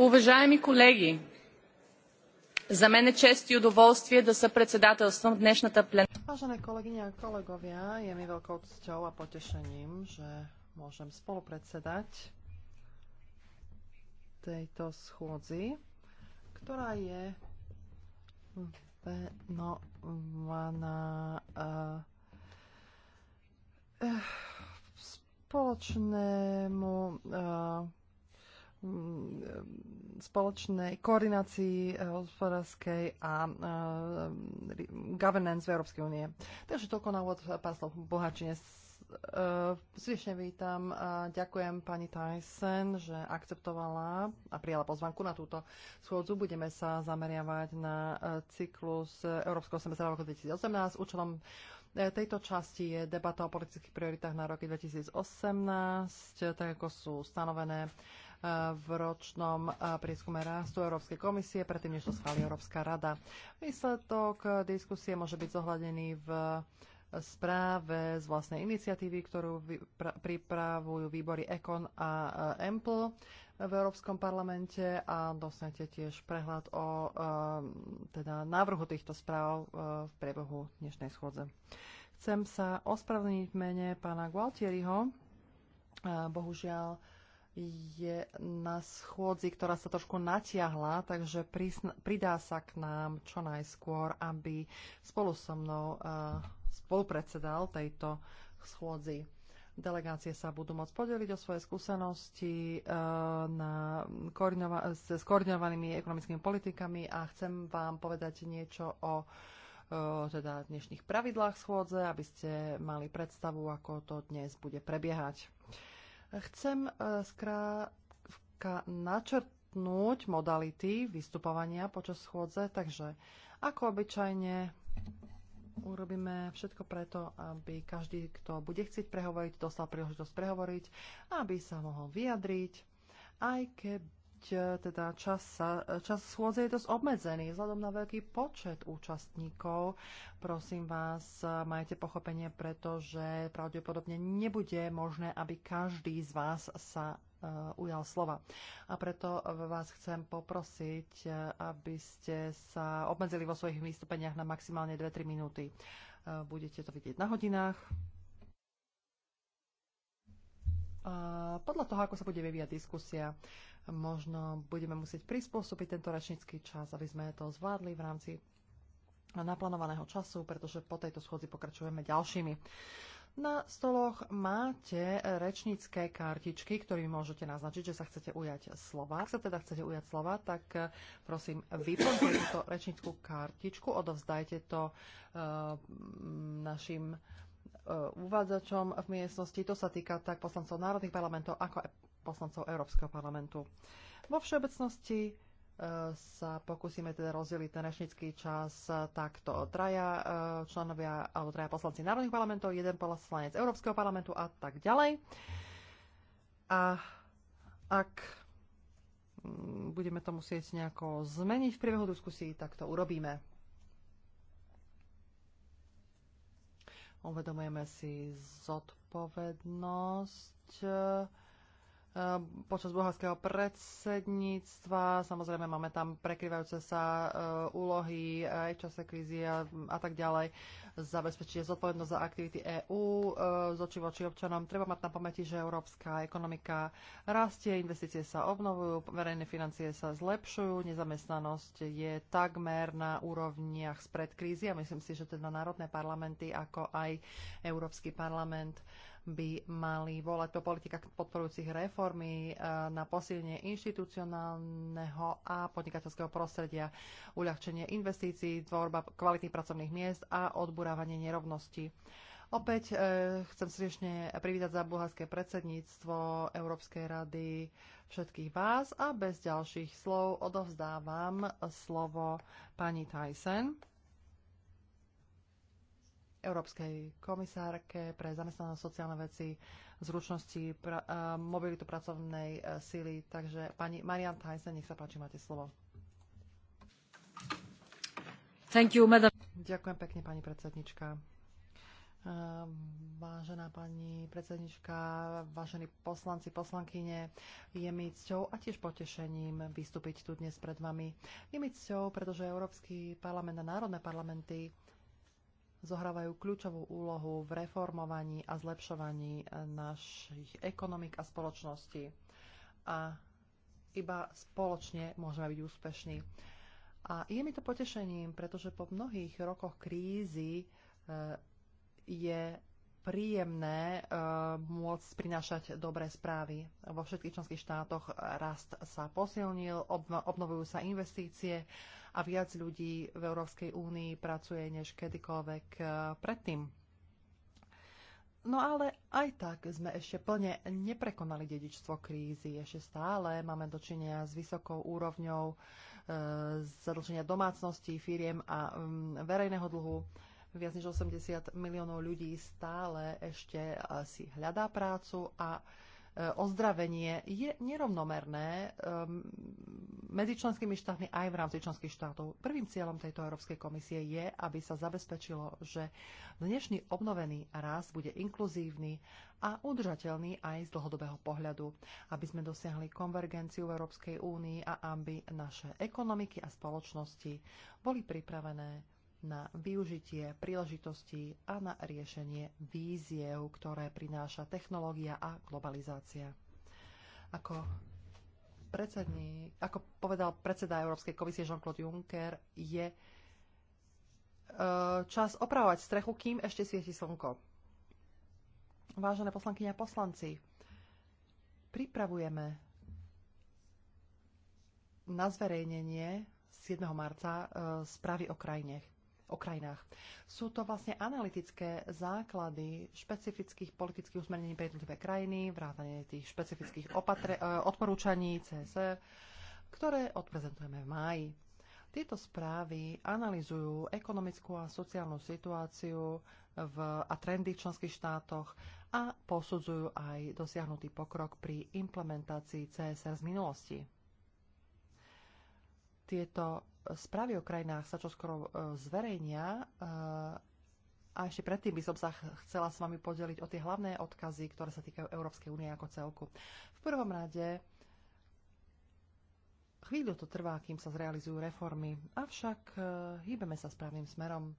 Уважаеми колеги, za mene čest i udovolstvie da sa predsedateľstvom dnešната plenárna... Vážené kolegyne a kolegovia, je mi veľkou cťou a potešením, že môžem spolupredsedať tejto schôdzi, ktorá je venovaná eh, eh, spoločnému eh, Mm, spoločnej koordinácii eh, hospodárskej a eh, governance v Európskej únie. Takže toľko na úvod, pán Slov Bohačine. Eh, srdečne vítam a ďakujem pani Tyson, že akceptovala a prijala pozvanku na túto schôdzu. Budeme sa zameriavať na cyklus Európskeho semestra roku 2018. Účelom tejto časti je debata o politických prioritách na roky 2018, tak ako sú stanovené v ročnom eh, prieskume rastu Európskej komisie, predtým než to schváli Európska rada. Výsledok eh, diskusie môže byť zohľadený v eh, správe z vlastnej iniciatívy, ktorú pripravujú výbory ECON a EMPL v Európskom parlamente a dostanete tiež prehľad o teda návrhu týchto správ v priebehu dnešnej schôdze. Chcem sa ospravedlniť v mene pána Gualtieriho. Bohužiaľ, je na schôdzi, ktorá sa trošku natiahla, takže pridá sa k nám čo najskôr, aby spolu so mnou uh, spolupredsedal tejto schôdzi. Delegácie sa budú môcť podeliť o svoje skúsenosti uh, na koordinova- s koordinovanými ekonomickými politikami a chcem vám povedať niečo o eh, teda dnešných pravidlách schôdze, aby ste mali predstavu, ako to dnes bude prebiehať. Chcem e, skrátka načrtnúť modality vystupovania počas schôdze, takže ako obyčajne urobíme všetko preto, aby každý, kto bude chcieť prehovoriť, dostal príležitosť prehovoriť, aby sa mohol vyjadriť, aj keby E, teda čas, sa, e, čas schôdze je dosť obmedzený vzhľadom na veľký počet účastníkov. Prosím vás, e, majte pochopenie, pretože pravdepodobne nebude možné, aby každý z vás sa ujal slova. A preto vás chcem poprosiť, aby ste sa obmedzili vo svojich vystúpeniach na maximálne 2-3 minúty. budete to vidieť na hodinách. podľa toho, ako sa bude vyvíjať diskusia, Možno budeme musieť prispôsobiť tento rečnícky čas, aby sme to zvládli v rámci naplánovaného času, pretože po tejto schodzi pokračujeme ďalšími. Na stoloch máte rečnícke kartičky, ktorými môžete naznačiť, že sa chcete ujať slova. Ak sa teda chcete ujať slova, tak eh, prosím, vyplňte túto rečnícku kartičku, odovzdajte to uh, našim eh, uvádzačom v miestnosti. To sa týka tak poslancov národných parlamentov, ako aj poslancov Európskeho parlamentu. Vo všeobecnosti e, sa pokúsime teda rozdeliť ten rešnický čas e, takto. Traja e, členovia alebo traja poslanci národných parlamentov, jeden poslanec Európskeho parlamentu a tak ďalej. A ak mm, budeme to musieť nejako zmeniť v priebehu diskusí, tak to urobíme. Uvedomujeme si zodpovednosť Ehm, počas bulharského predsedníctva. Samozrejme, máme tam prekryvajúce sa e, úlohy aj v čase krízy a, a tak ďalej. Zabezpečuje zodpovednosť za aktivity EÚ e, z oči voči občanom. Treba mať na pamäti, že európska ekonomika rastie, investície sa obnovujú, verejné financie sa zlepšujú, nezamestnanosť je takmer na úrovniach spred krízy a myslím si, že teda národné parlamenty ako aj Európsky parlament by mali volať po politikách podporujúcich reformy e, na posilnenie inštitucionálneho a podnikateľského prostredia, uľahčenie investícií, tvorba kvalitných pracovných miest a odburávanie nerovností. Opäť e, chcem srdečne privítať za bulharské predsedníctvo Európskej rady všetkých vás a bez ďalších slov odovzdávam slovo pani Tyson. Európskej komisárke pre zamestnané sociálne veci, zručnosti, pra, a, mobilitu pracovnej uh, síly. Takže pani Marian Tyson, nech sa páči, máte slovo. Thank you, madam. Ďakujem pekne, pani predsednička. E, vážená pani predsednička, vážení poslanci, poslankyne, je mi cťou a tiež potešením vystúpiť tu dnes pred vami. Je mi cťou, pretože Európsky parlament a národné parlamenty zohrávajú kľúčovú úlohu v reformovaní a zlepšovaní eh, našich ekonomik a spoločnosti. A iba spoločne môžeme byť úspešní. A je mi to potešením, pretože po mnohých rokoch krízy eh, je príjemné eh, môcť prinášať dobré správy. Vo všetkých členských štátoch rast sa posilnil, obnovujú sa investície a viac ľudí v Európskej únii pracuje než kedykoľvek eh, predtým. No ale aj tak sme ešte plne neprekonali dedičstvo krízy. Ešte stále máme dočinenia s vysokou úrovňou e, zadlženia domácností, firiem a m, mm, verejného dlhu. Viac než 80 miliónov ľudí stále ešte si hľadá prácu a E, ozdravenie je nerovnomerné e, medzi členskými štátmi aj v rámci členských štátov. Prvým cieľom tejto Európskej komisie je, aby sa zabezpečilo, že dnešný obnovený rast bude inkluzívny a udržateľný aj z dlhodobého pohľadu, aby sme dosiahli konvergenciu v Európskej únii a aby naše ekonomiky a spoločnosti boli pripravené na využitie príležitostí a na riešenie víziev, ktoré prináša technológia a globalizácia. Ako, predsední, ako povedal predseda Európskej komisie Jean-Claude Juncker, je e, čas opravovať strechu, kým ešte svieti slnko. Vážené poslankyne a poslanci, pripravujeme na zverejnenie 7. marca e, správy o krajinech o krajinách. Sú to vlastne analytické základy špecifických politických usmernení pre jednotlivé krajiny, vrátanie tých špecifických opatre, e, odporúčaní CS, e, ktoré odprezentujeme v máji. Tieto správy analyzujú ekonomickú a sociálnu situáciu v, a trendy v členských štátoch a posudzujú aj dosiahnutý pokrok pri implementácii CSR e z minulosti. Tieto správy o krajinách sa čoskoro e, zverejnia. E, a ešte predtým by som sa chcela s vami podeliť o tie hlavné odkazy, ktoré sa týkajú Európskej únie ako celku. V prvom rade chvíľu to trvá, kým sa zrealizujú reformy, avšak e, hýbeme sa správnym smerom.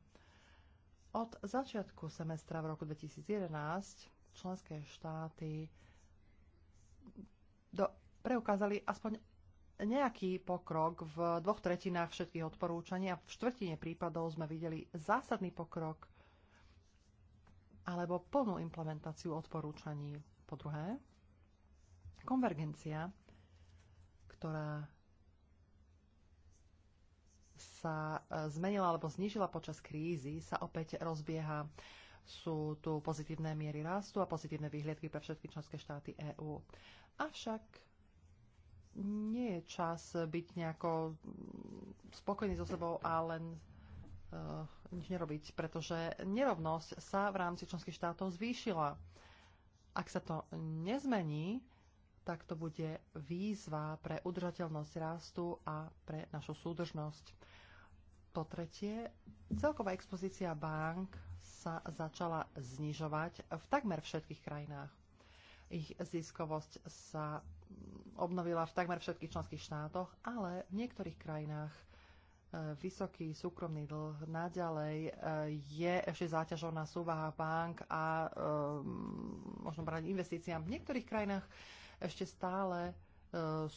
Od začiatku semestra v roku 2011 členské štáty do, preukázali aspoň nejaký pokrok v dvoch tretinách všetkých odporúčaní a v štvrtine prípadov sme videli zásadný pokrok alebo plnú implementáciu odporúčaní. Po druhé, konvergencia, ktorá sa e, zmenila alebo znížila počas krízy, sa opäť rozbieha. Sú tu pozitívne miery rastu a pozitívne výhľadky pre všetky členské štáty EÚ. Avšak nie je čas byť nejako spokojný so sebou a len uh, nič nerobiť, pretože nerovnosť sa v rámci členských štátov zvýšila. Ak sa to nezmení, tak to bude výzva pre udržateľnosť rastu a pre našu súdržnosť. Po tretie, celková expozícia bank sa začala znižovať v takmer všetkých krajinách. Ich ziskovosť sa mm, obnovila v takmer všetkých členských štátoch, ale v niektorých krajinách e, vysoký súkromný dlh naďalej e, je ešte záťažou na súvaha bank a e, možno brať investíciám. V niektorých krajinách ešte stále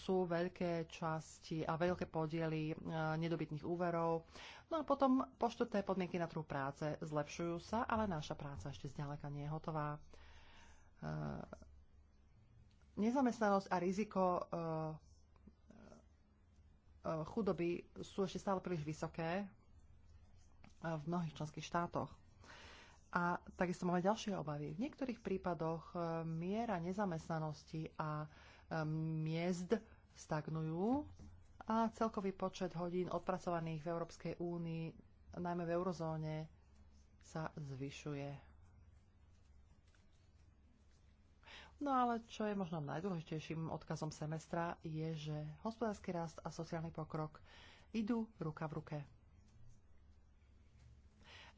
sú veľké časti a veľké podiely nedobytných úverov. No a potom poštvrté podmienky na trhu práce zlepšujú sa, ale naša práca ešte zďaleka nie je hotová nezamestnanosť a riziko e, e, e, chudoby sú ešte stále príliš vysoké v mnohých členských štátoch. A takisto máme ďalšie obavy. V niektorých prípadoch miera nezamestnanosti a miest stagnujú a celkový počet hodín odpracovaných v Európskej únii, najmä v eurozóne, sa zvyšuje. No ale čo je možno najdôležitejším odkazom semestra je, že hospodársky rast a sociálny pokrok idú ruka v ruke.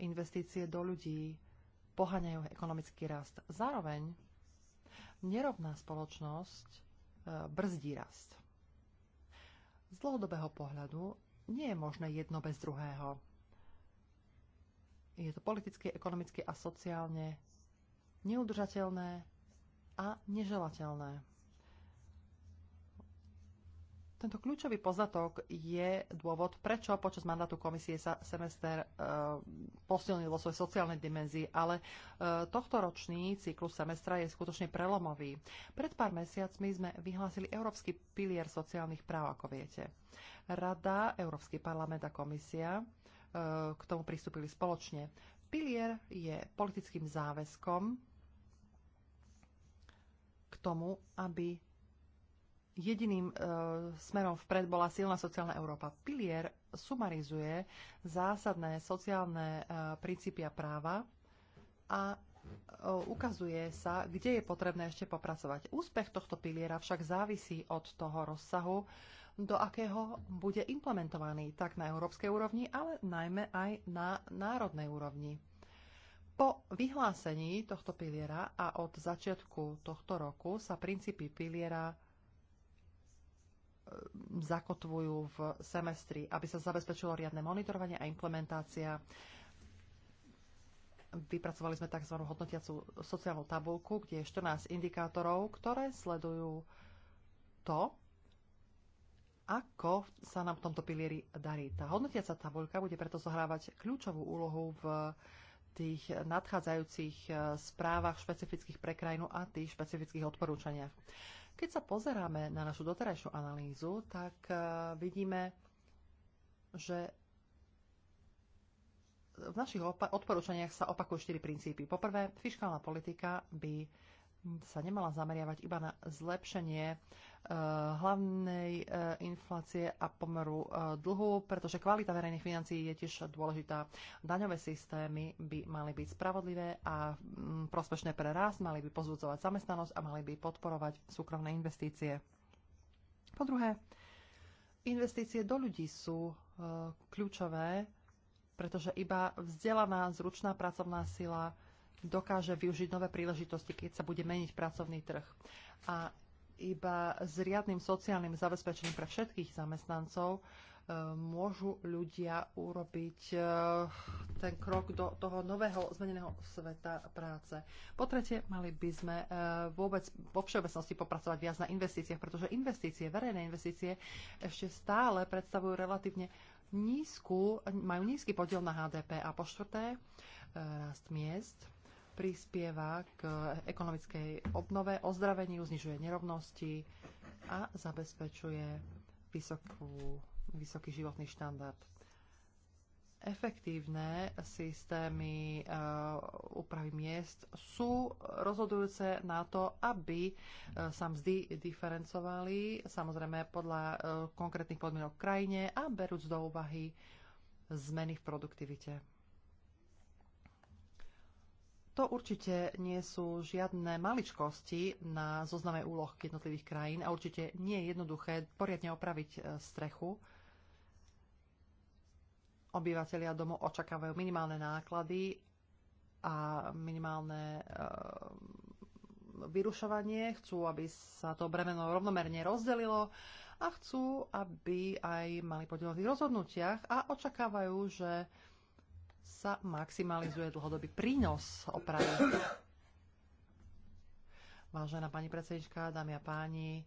Investície do ľudí poháňajú ekonomický rast. Zároveň nerovná spoločnosť e, brzdí rast. Z dlhodobého pohľadu nie je možné jedno bez druhého. Je to politicky, ekonomicky a sociálne neudržateľné a neželateľné. Tento kľúčový poznatok je dôvod, prečo počas mandátu komisie sa semester e, posilnil vo svojej sociálnej dimenzii, ale e, tohto ročný cyklus semestra je skutočne prelomový. Pred pár mesiacmi sme vyhlásili Európsky pilier sociálnych práv, ako viete. Rada, Európsky parlament a komisia e, k tomu pristúpili spoločne. Pilier je politickým záväzkom tomu, aby jediným e, smerom vpred bola silná sociálna Európa. Pilier sumarizuje zásadné sociálne e, princípy a práva a e, ukazuje sa, kde je potrebné ešte popracovať. Úspech tohto piliera však závisí od toho rozsahu, do akého bude implementovaný tak na európskej úrovni, ale najmä aj na národnej úrovni. Po vyhlásení tohto piliera a od začiatku tohto roku sa princípy piliera e, zakotvujú v semestri, aby sa zabezpečilo riadne monitorovanie a implementácia. Vypracovali sme tzv. hodnotiacu sociálnu tabulku, kde je 14 indikátorov, ktoré sledujú to, ako sa nám v tomto pilieri darí. Tá hodnotiaca tabuľka bude preto zohrávať kľúčovú úlohu v tých nadchádzajúcich e, správach špecifických pre krajinu a tých špecifických odporúčaniach. Keď sa pozeráme na našu doterajšiu analýzu, tak e, vidíme, že v našich odporúčaniach sa opakujú štyri princípy. Poprvé, fiskálna politika by sa nemala zameriavať iba na zlepšenie eh, hlavnej eh, inflácie a pomeru eh, dlhu, pretože kvalita verejných financií je tiež dôležitá. Daňové systémy by mali byť spravodlivé a mm, prospešné pre rast, mali by pozbudzovať zamestnanosť a mali by podporovať súkromné investície. Po druhé, investície do ľudí sú kľúčové, pretože iba vzdelaná, zručná pracovná sila dokáže využiť nové príležitosti, keď sa bude meniť pracovný trh. A iba s riadnym sociálnym zabezpečením pre všetkých zamestnancov e, môžu ľudia urobiť e, ten krok do toho nového zmeneného sveta práce. Po tretie, mali by sme e, vôbec vo všeobecnosti popracovať viac na investíciách, pretože investície, verejné investície ešte stále predstavujú relatívne nízku, majú nízky podiel na HDP. A po štvrté, rast miest prispieva k ekonomickej obnove, ozdraveniu, znižuje nerovnosti a zabezpečuje vysokú, vysoký životný štandard. Efektívne systémy eh, úpravy uh, miest sú rozhodujúce na to, aby uh, sa mzdy diferencovali, samozrejme podľa uh, konkrétnych podmienok v krajine a berúc do úvahy zmeny v produktivite. To určite nie sú žiadne maličkosti na zozname úloh jednotlivých krajín a určite nie je jednoduché poriadne opraviť e, strechu. Obyvatelia domu očakávajú minimálne náklady a minimálne e, vyrušovanie, chcú, aby sa to bremeno rovnomerne rozdelilo a chcú, aby aj mali podiel v rozhodnutiach a očakávajú, že sa maximalizuje dlhodobý prínos opravy. Vážená pani predsednička, dámy a páni,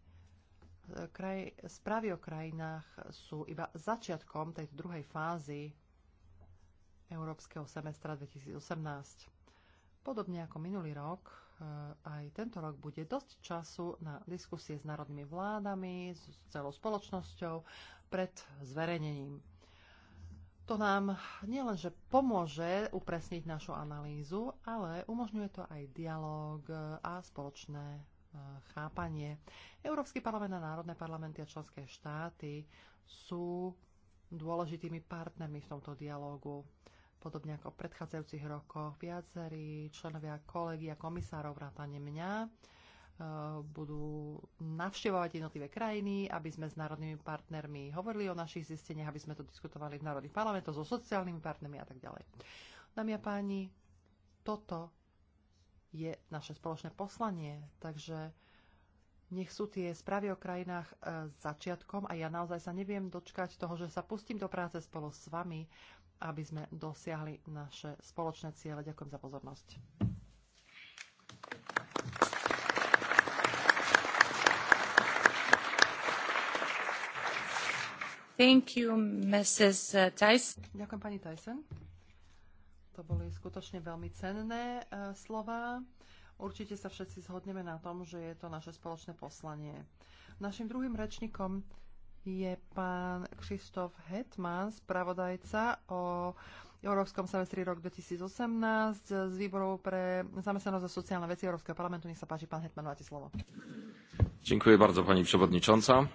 kraj, správy o krajinách sú iba začiatkom tejto druhej fázy Európskeho semestra 2018. Podobne ako minulý rok, eh, aj tento rok bude dosť času na diskusie s národnými vládami, s celou spoločnosťou pred zverejnením to nám nielenže pomôže upresniť našu analýzu, ale umožňuje to aj dialog e, a spoločné e, chápanie. Európsky parlament a národné parlamenty a členské štáty sú dôležitými partnermi v tomto dialogu. Podobne ako v predchádzajúcich rokoch viacerí členovia a komisárov vrátane mňa Eh, budú navštevovať jednotlivé krajiny, aby sme s národnými partnermi hovorili o našich zisteniach, aby sme to diskutovali v národných parlamentoch so sociálnymi partnermi a tak ďalej. Dámy a páni, toto je naše spoločné poslanie, takže nech sú tie správy o krajinách eh, začiatkom a ja naozaj sa neviem dočkať toho, že sa pustím do práce spolu s vami, aby sme dosiahli naše spoločné ciele. Ďakujem za pozornosť. Thank you, Mrs. Uh, Tyson. Ďakujem, pani Tyson. To boli skutočne veľmi cenné uh, slova. Určite sa všetci zhodneme na tom, že je to naše spoločné poslanie. Našim druhým rečníkom je pán Hetman, spravodajca o Európskom semestri rok 2018 z pre zamestnanosť a sociálne veci Európskeho parlamentu. Nech sa páči, pán Hetman, máte slovo. bardzo, pani przewodnicząca.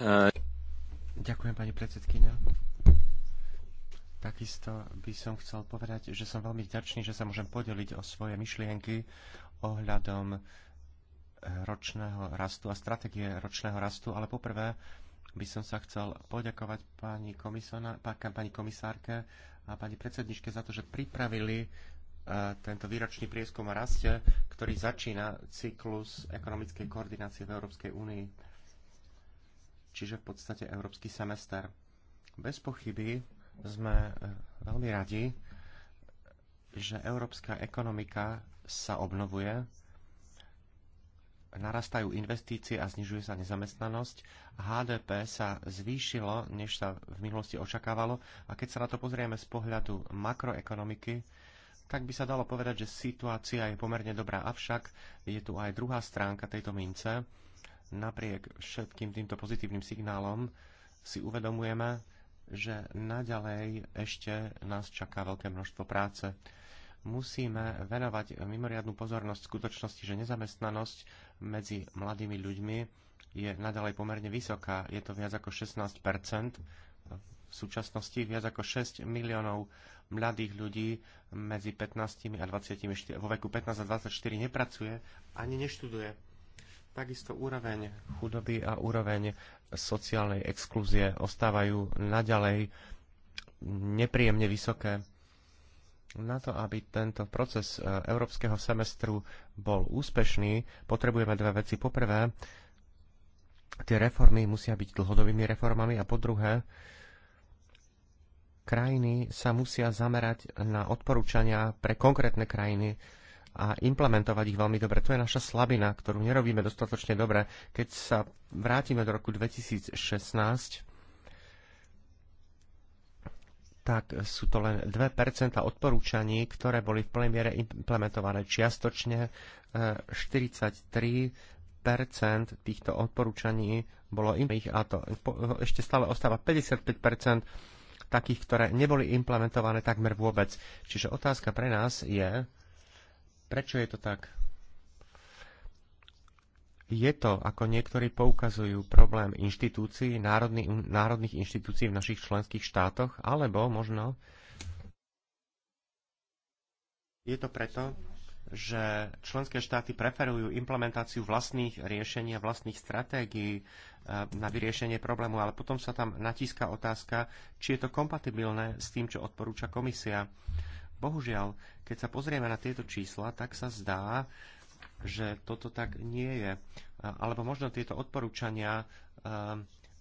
E Ďakujem, pani predsedkynia. Takisto by som chcel povedať, že som veľmi vďačný, že sa môžem podeliť o svoje myšlienky ohľadom eh, ročného rastu a stratégie ročného rastu, ale poprvé by som sa chcel poďakovať pani, pani komisárke a pani predsedničke za to, že pripravili eh, tento výročný prieskum o raste, ktorý začína cyklus ekonomickej koordinácie v Európskej únii čiže v podstate európsky semester. Bez pochyby sme e, veľmi radi, že európska ekonomika sa obnovuje, narastajú investície a znižuje sa nezamestnanosť. HDP sa zvýšilo, než sa v minulosti očakávalo a keď sa na to pozrieme z pohľadu makroekonomiky, tak by sa dalo povedať, že situácia je pomerne dobrá. Avšak je tu aj druhá stránka tejto mince Napriek všetkým týmto pozitívnym signálom si uvedomujeme, že naďalej ešte nás čaká veľké množstvo práce. Musíme venovať mimoriadnú pozornosť skutočnosti, že nezamestnanosť medzi mladými ľuďmi je naďalej pomerne vysoká. Je to viac ako 16 v súčasnosti viac ako 6 miliónov mladých ľudí medzi 15 a 24, vo veku 15 a 24 nepracuje ani neštuduje Takisto úroveň chudoby a úroveň sociálnej exklúzie ostávajú naďalej nepríjemne vysoké. Na to, aby tento proces e, európskeho semestru bol úspešný, potrebujeme dve veci. Poprvé, tie reformy musia byť dlhodobými reformami a po druhé, krajiny sa musia zamerať na odporúčania pre konkrétne krajiny, a implementovať ich veľmi dobre. To je naša slabina, ktorú nerobíme dostatočne dobre. Keď sa vrátime do roku 2016, tak sú to len 2% odporúčaní, ktoré boli v plnej miere implementované čiastočne. 43% e, týchto odporúčaní bolo iných a to ešte stále ostáva 55% takých, ktoré neboli implementované takmer vôbec. Čiže otázka pre nás je, Prečo je to tak? Je to, ako niektorí poukazujú, problém inštitúcií, národný, národných inštitúcií v našich členských štátoch, alebo možno je to preto, že členské štáty preferujú implementáciu vlastných riešení a vlastných stratégií eh, na vyriešenie problému, ale potom sa tam natíska otázka, či je to kompatibilné s tým, čo odporúča komisia. Bohužiaľ, keď sa pozrieme na tieto čísla, tak sa zdá, že toto tak nie je. Alebo možno tieto odporúčania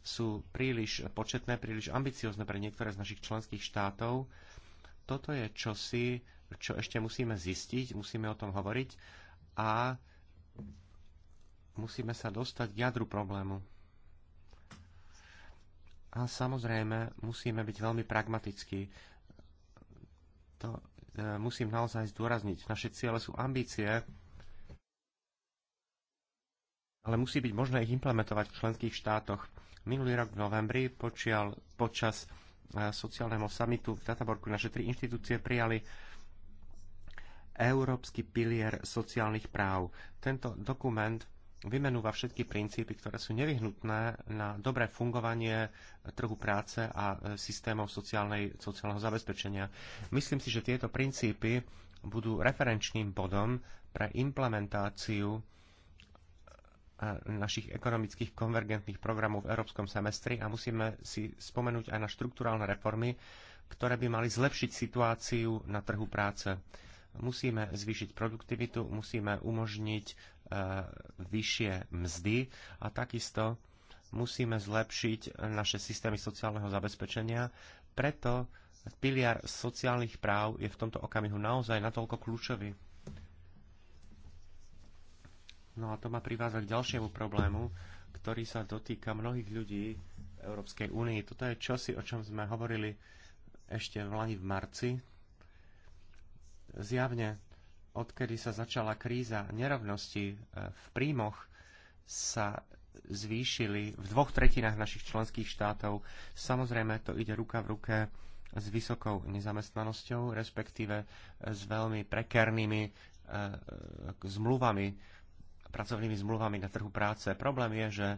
sú príliš početné, príliš ambiciozne pre niektoré z našich členských štátov. Toto je čosi, čo ešte musíme zistiť, musíme o tom hovoriť a musíme sa dostať k jadru problému. A samozrejme, musíme byť veľmi pragmatickí to e, musím naozaj zdôrazniť. Naše ciele sú ambície, ale musí byť možné ich implementovať v členských štátoch. Minulý rok v novembri počial, počas e, sociálneho samitu v Tataborku naše tri inštitúcie prijali Európsky pilier sociálnych práv. Tento dokument vymenúva všetky princípy, ktoré sú nevyhnutné na dobré fungovanie trhu práce a e, systémov sociálnej, sociálneho zabezpečenia. Myslím si, že tieto princípy budú referenčným bodom pre implementáciu e, našich ekonomických konvergentných programov v európskom semestri a musíme si spomenúť aj na štruktúrálne reformy, ktoré by mali zlepšiť situáciu na trhu práce musíme zvýšiť produktivitu, musíme umožniť E, vyššie mzdy a takisto musíme zlepšiť naše systémy sociálneho zabezpečenia. Preto piliar sociálnych práv je v tomto okamihu naozaj natoľko kľúčový. No a to ma privázať k ďalšiemu problému, ktorý sa dotýka mnohých ľudí v Európskej únii. Toto je čosi, o čom sme hovorili ešte v Lani v marci. Zjavne odkedy sa začala kríza nerovnosti e, v príjmoch, sa zvýšili v dvoch tretinách našich členských štátov. Samozrejme, to ide ruka v ruke s vysokou nezamestnanosťou, respektíve e, s veľmi prekernými e, zmluvami, pracovnými zmluvami na trhu práce. Problém je, že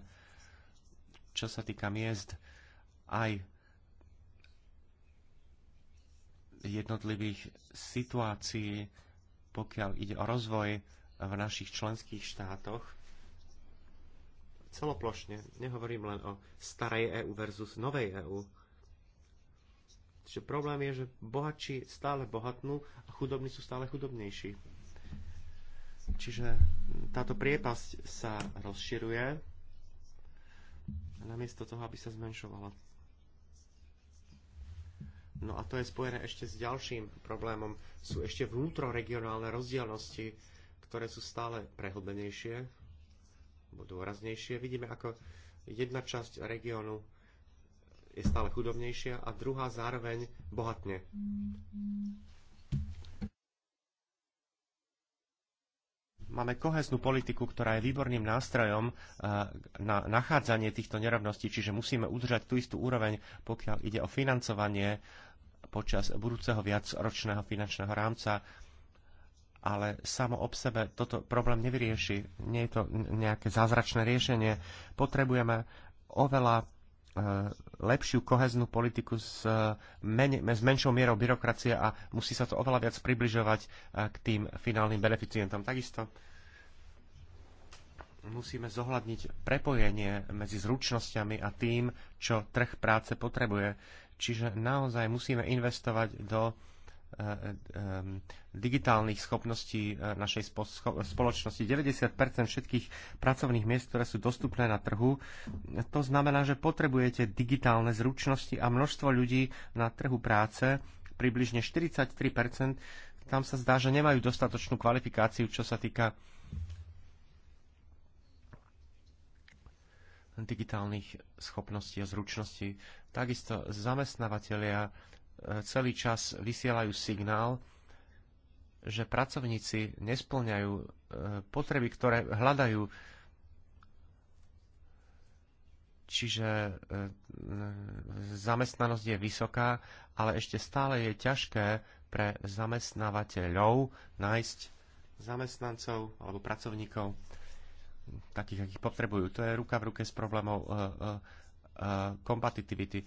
čo sa týka miest, aj jednotlivých situácií, pokiaľ ide o rozvoj e, v našich členských štátoch, celoplošne, nehovorím len o starej EÚ versus novej EÚ. Čiže problém je, že bohatší stále bohatnú a chudobní sú stále chudobnejší. Čiže táto priepasť sa rozširuje namiesto toho, aby sa zmenšovala. No a to je spojené ešte s ďalším problémom. Sú ešte vnútroregionálne rozdielnosti, ktoré sú stále prehlbenejšie, dôraznejšie. Vidíme, ako jedna časť regiónu je stále chudobnejšia a druhá zároveň bohatne. Máme koheznú politiku, ktorá je výborným nástrojom eh, na nachádzanie týchto nerovností, čiže musíme udržať tú istú úroveň, pokiaľ ide o financovanie počas budúceho viacročného finančného rámca, ale samo ob sebe toto problém nevyrieši. Nie je to nejaké zázračné riešenie. Potrebujeme oveľa e, lepšiu koheznú politiku s, e, men- s menšou mierou byrokracie a musí sa to oveľa viac približovať e, k tým finálnym beneficientom. Takisto musíme zohľadniť prepojenie medzi zručnosťami a tým, čo trh práce potrebuje. Čiže naozaj musíme investovať do e, e, digitálnych schopností e, našej spoločnosti. 90% všetkých pracovných miest, ktoré sú dostupné na trhu, to znamená, že potrebujete digitálne zručnosti a množstvo ľudí na trhu práce, približne 43%, tam sa zdá, že nemajú dostatočnú kvalifikáciu, čo sa týka digitálnych schopností a zručností. Takisto zamestnávateľia e, celý čas vysielajú signál, že pracovníci nesplňajú e, potreby, ktoré hľadajú. Čiže e, zamestnanosť je vysoká, ale ešte stále je ťažké pre zamestnávateľov nájsť zamestnancov alebo pracovníkov, takých, akých potrebujú. To je ruka v ruke s problémov e, e, e, kompatitivity.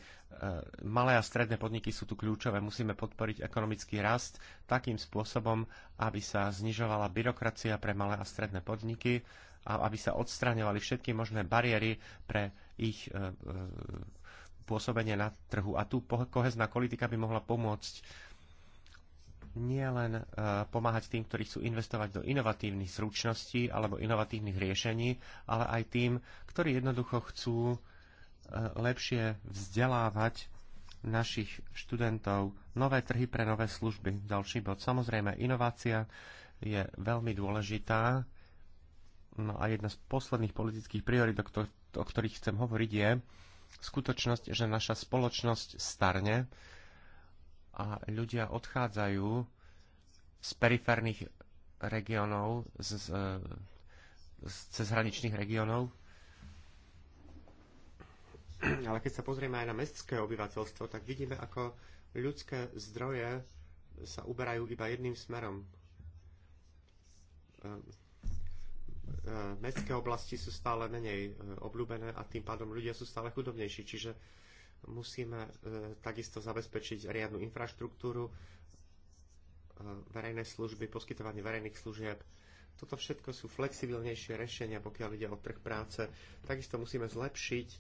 Malé a stredné podniky sú tu kľúčové. Musíme podporiť ekonomický rast takým spôsobom, aby sa znižovala byrokracia pre malé a stredné podniky a aby sa odstraňovali všetky možné bariéry pre ich pôsobenie na trhu. A tu kohezná politika by mohla pomôcť nielen e, pomáhať tým, ktorí chcú investovať do inovatívnych zručností alebo inovatívnych riešení, ale aj tým, ktorí jednoducho chcú e, lepšie vzdelávať našich študentov, nové trhy pre nové služby. Ďalší bod. Samozrejme, inovácia je veľmi dôležitá. No a jedna z posledných politických priorit, o, o ktorých chcem hovoriť, je skutočnosť, že naša spoločnosť starne a ľudia odchádzajú z periférnych regiónov, z, z, z cezhraničných regiónov. Ale keď sa pozrieme aj na mestské obyvateľstvo, tak vidíme, ako ľudské zdroje sa uberajú iba jedným smerom. Ehm, ehm, mestské oblasti sú stále menej ehm, obľúbené a tým pádom ľudia sú stále chudobnejší. Čiže Musíme e, takisto zabezpečiť riadnu infraštruktúru, e, verejné služby, poskytovanie verejných služieb. Toto všetko sú flexibilnejšie riešenia, pokiaľ ide o trh práce. Takisto musíme zlepšiť e,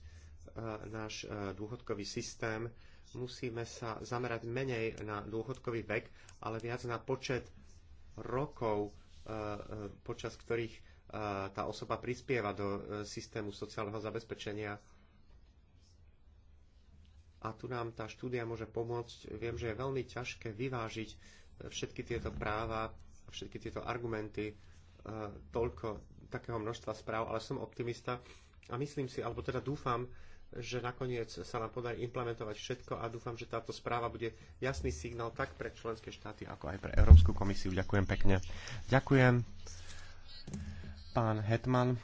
náš dôchodkový systém. Musíme sa zamerať menej na dôchodkový vek, ale viac na počet rokov, počas ktorých tá osoba prispieva do systému sociálneho zabezpečenia a tu nám tá štúdia môže pomôcť. Viem, že je veľmi ťažké vyvážiť e, všetky tieto práva, všetky tieto argumenty, e, toľko takého množstva správ, ale som optimista a myslím si, alebo teda dúfam, že nakoniec sa nám podarí implementovať všetko a dúfam, že táto správa bude jasný signál tak pre členské štáty, ako aj pre Európsku komisiu. Ďakujem pekne. Ďakujem. Pán Hetman,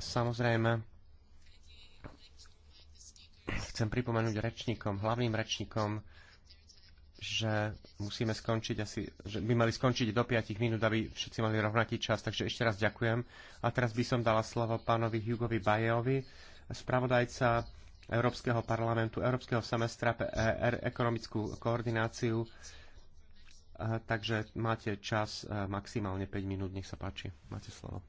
samozrejme, chcem pripomenúť rečníkom, hlavným rečníkom, že musíme skončiť asi, že by mali skončiť do 5 minút, aby všetci mali rovnaký čas, takže ešte raz ďakujem. A teraz by som dala slovo pánovi Hugovi Bajeovi, spravodajca Európskeho parlamentu, Európskeho semestra PER, e ekonomickú koordináciu. Takže máte čas maximálne 5 minút, nech sa páči. Máte slovo.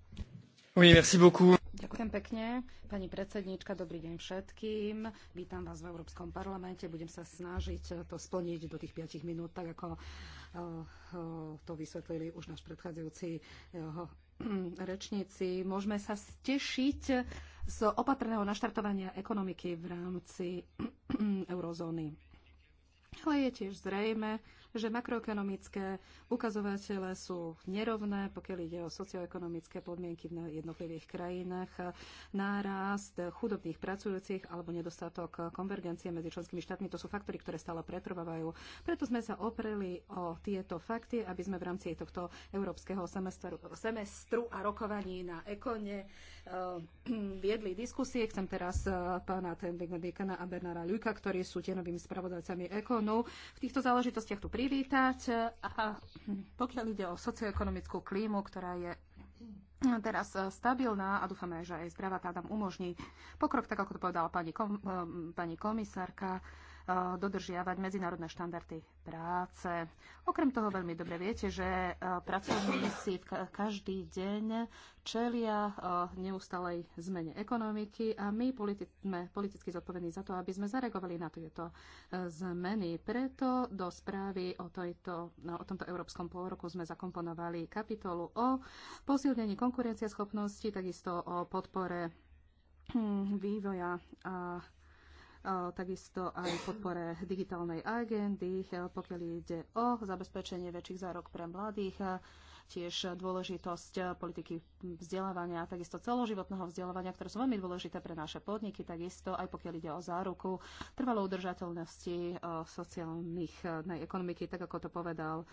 Ďakujem pekne. Pani predsedníčka, dobrý deň všetkým. Vítam vás v Európskom parlamente. Budem sa snažiť to splniť do tých 5 minút, tak ako eh, eh, to vysvetlili už náš predchádzajúci eh, rečníci. Môžeme sa stešiť z opatrného naštartovania ekonomiky v rámci eurozóny. Ale je tiež zrejme, že makroekonomické ukazovatele sú nerovné, pokiaľ ide o socioekonomické podmienky v jednotlivých krajinách, nárast chudobných pracujúcich alebo nedostatok konvergencie medzi členskými štátmi. To sú faktory, ktoré stále pretrvávajú. Preto sme sa opreli o tieto fakty, aby sme v rámci tohto európskeho semestru, semestru a rokovaní na ekone eh, viedli diskusie. Chcem teraz eh, pána Dekana a Bernara Ľuka, ktorí sú tienovými spravodajcami ekonu. V týchto záležitostiach tu pri privítať. A pokiaľ ide o socioekonomickú klímu, ktorá je teraz stabilná a dúfame, že aj zdravá tá nám umožní pokrok, tak ako to povedala pani, kom, eh, pani komisárka, dodržiavať medzinárodné štandardy práce. Okrem toho veľmi dobre viete, že pracovníci každý deň čelia neustalej zmene ekonomiky a my politi- sme politicky zodpovední za to, aby sme zareagovali na tieto e, zmeny. Preto do správy o, tejto, no, o tomto európskom pôroku sme zakomponovali kapitolu o posilnení konkurencieschopnosti, takisto o podpore hm, vývoja a takisto aj podpore digitálnej agendy, e, pokiaľ ide o zabezpečenie väčších zárok pre mladých, e, tiež dôležitosť politiky vzdelávania, takisto celoživotného vzdelávania, ktoré sú veľmi dôležité pre naše podniky, takisto aj pokiaľ ide o záruku trvalo udržateľnosti e, sociálnych ekonomiky, tak ako to povedal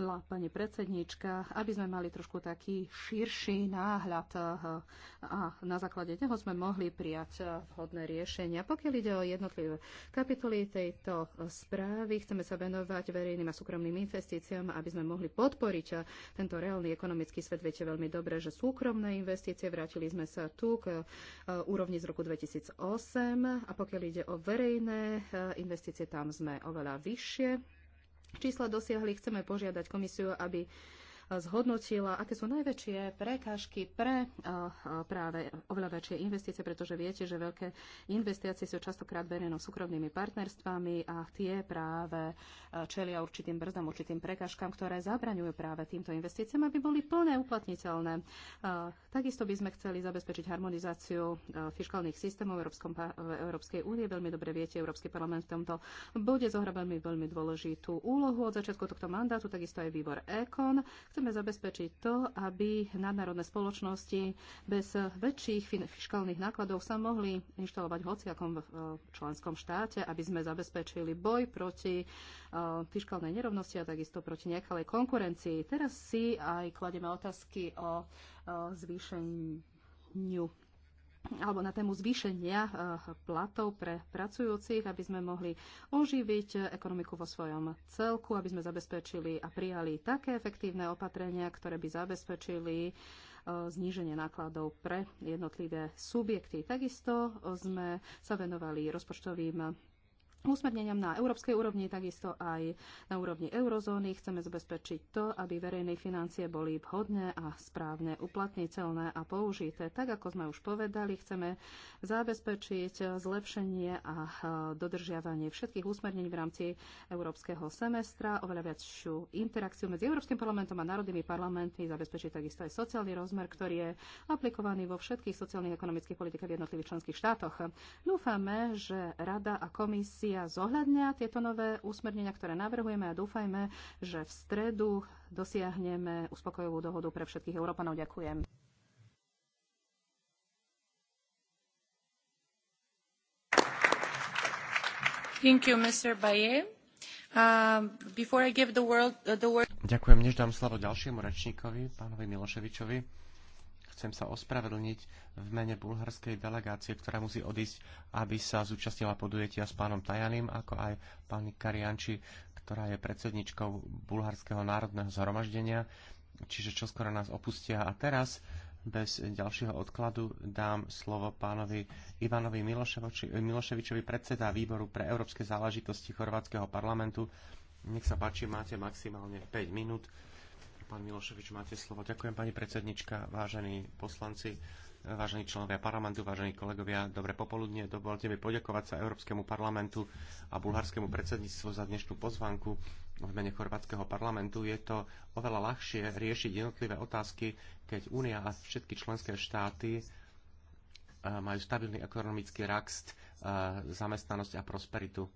hovorila pani predsednička, aby sme mali trošku taký širší náhľad eh, a na základe neho sme mohli prijať eh, vhodné riešenia. Pokiaľ ide o jednotlivé kapitoly tejto eh, správy, chceme sa venovať verejným a súkromným investíciám, aby sme mohli podporiť tento reálny ekonomický svet. Viete veľmi dobre, že súkromné investície, vrátili sme sa tu k úrovni z roku 2008 a pokiaľ ide o verejné investície, tam sme oveľa vyššie čísla dosiahli, chceme požiadať komisiu, aby zhodnotila, aké sú najväčšie prekážky pre práve oveľa väčšie investície, pretože viete, že veľké investície sú častokrát verejno súkromnými partnerstvami a tie práve čelia určitým brzdám, určitým prekážkam, ktoré zabraňujú práve týmto investíciám, aby boli plné uplatniteľné. Takisto by sme chceli zabezpečiť harmonizáciu fiskálnych systémov Európskom, Európskej únie. Veľmi dobre viete, Európsky parlament v tomto bude zohrá veľmi, veľmi dôležitú úlohu od začiatku tohto mandátu, takisto aj výbor EKON, Chceme zabezpečiť to, aby nadnárodné spoločnosti bez väčších fiskálnych nákladov sa mohli inštalovať v hociakom členskom štáte, aby sme zabezpečili boj proti e, fiskálnej nerovnosti a takisto proti nekalej konkurencii. Teraz si aj klademe otázky o e, zvýšeniu alebo na tému zvýšenia eh, platov pre pracujúcich, aby sme mohli oživiť ekonomiku vo svojom celku, aby sme zabezpečili a prijali také efektívne opatrenia, ktoré by zabezpečili eh, zníženie nákladov pre jednotlivé subjekty. Takisto sme sa venovali rozpočtovým usmerneniam na európskej úrovni, takisto aj na úrovni eurozóny chceme zabezpečiť to, aby verejné financie boli vhodné a správne uplatniteľné a použité. Tak ako sme už povedali, chceme zabezpečiť zlepšenie a dodržiavanie všetkých usmernení v rámci európskeho semestra, oveľa viacšiu interakciu medzi Európskym parlamentom a národnými parlamentmi, zabezpečiť takisto aj sociálny rozmer, ktorý je aplikovaný vo všetkých sociálnych a ekonomických politikách v jednotlivých členských štátoch. Dúfame, že Rada a komisia komisia zohľadňa tieto nové úsmernenia, ktoré navrhujeme a dúfajme, že v stredu dosiahneme uspokojovú dohodu pre všetkých Európanov. Ďakujem. Thank you, Mr. Um, uh, Ďakujem, než dám slovo ďalšiemu rečníkovi, pánovi Miloševičovi chcem sa ospravedlniť v mene bulharskej delegácie, ktorá musí odísť, aby sa zúčastnila podujetia s pánom Tajaným, ako aj pani Karianči, ktorá je predsedničkou Bulharského národného zhromaždenia, čiže čoskoro nás opustia. A teraz bez ďalšieho odkladu dám slovo pánovi Ivanovi Miloševičovi, predseda výboru pre európske záležitosti Chorvátskeho parlamentu. Nech sa páči, máte maximálne 5 minút Pán Miloševič, máte slovo. Ďakujem, pani predsednička, vážení poslanci, vážení členovia parlamentu, vážení kolegovia. Dobré popoludne. Dovolte mi poďakovať sa Európskemu parlamentu a bulharskému predsedníctvu za dnešnú pozvánku v mene chorvátskeho parlamentu. Je to oveľa ľahšie riešiť jednotlivé otázky, keď Únia a všetky členské štáty e, majú stabilný ekonomický rast, e, zamestnanosť a prosperitu.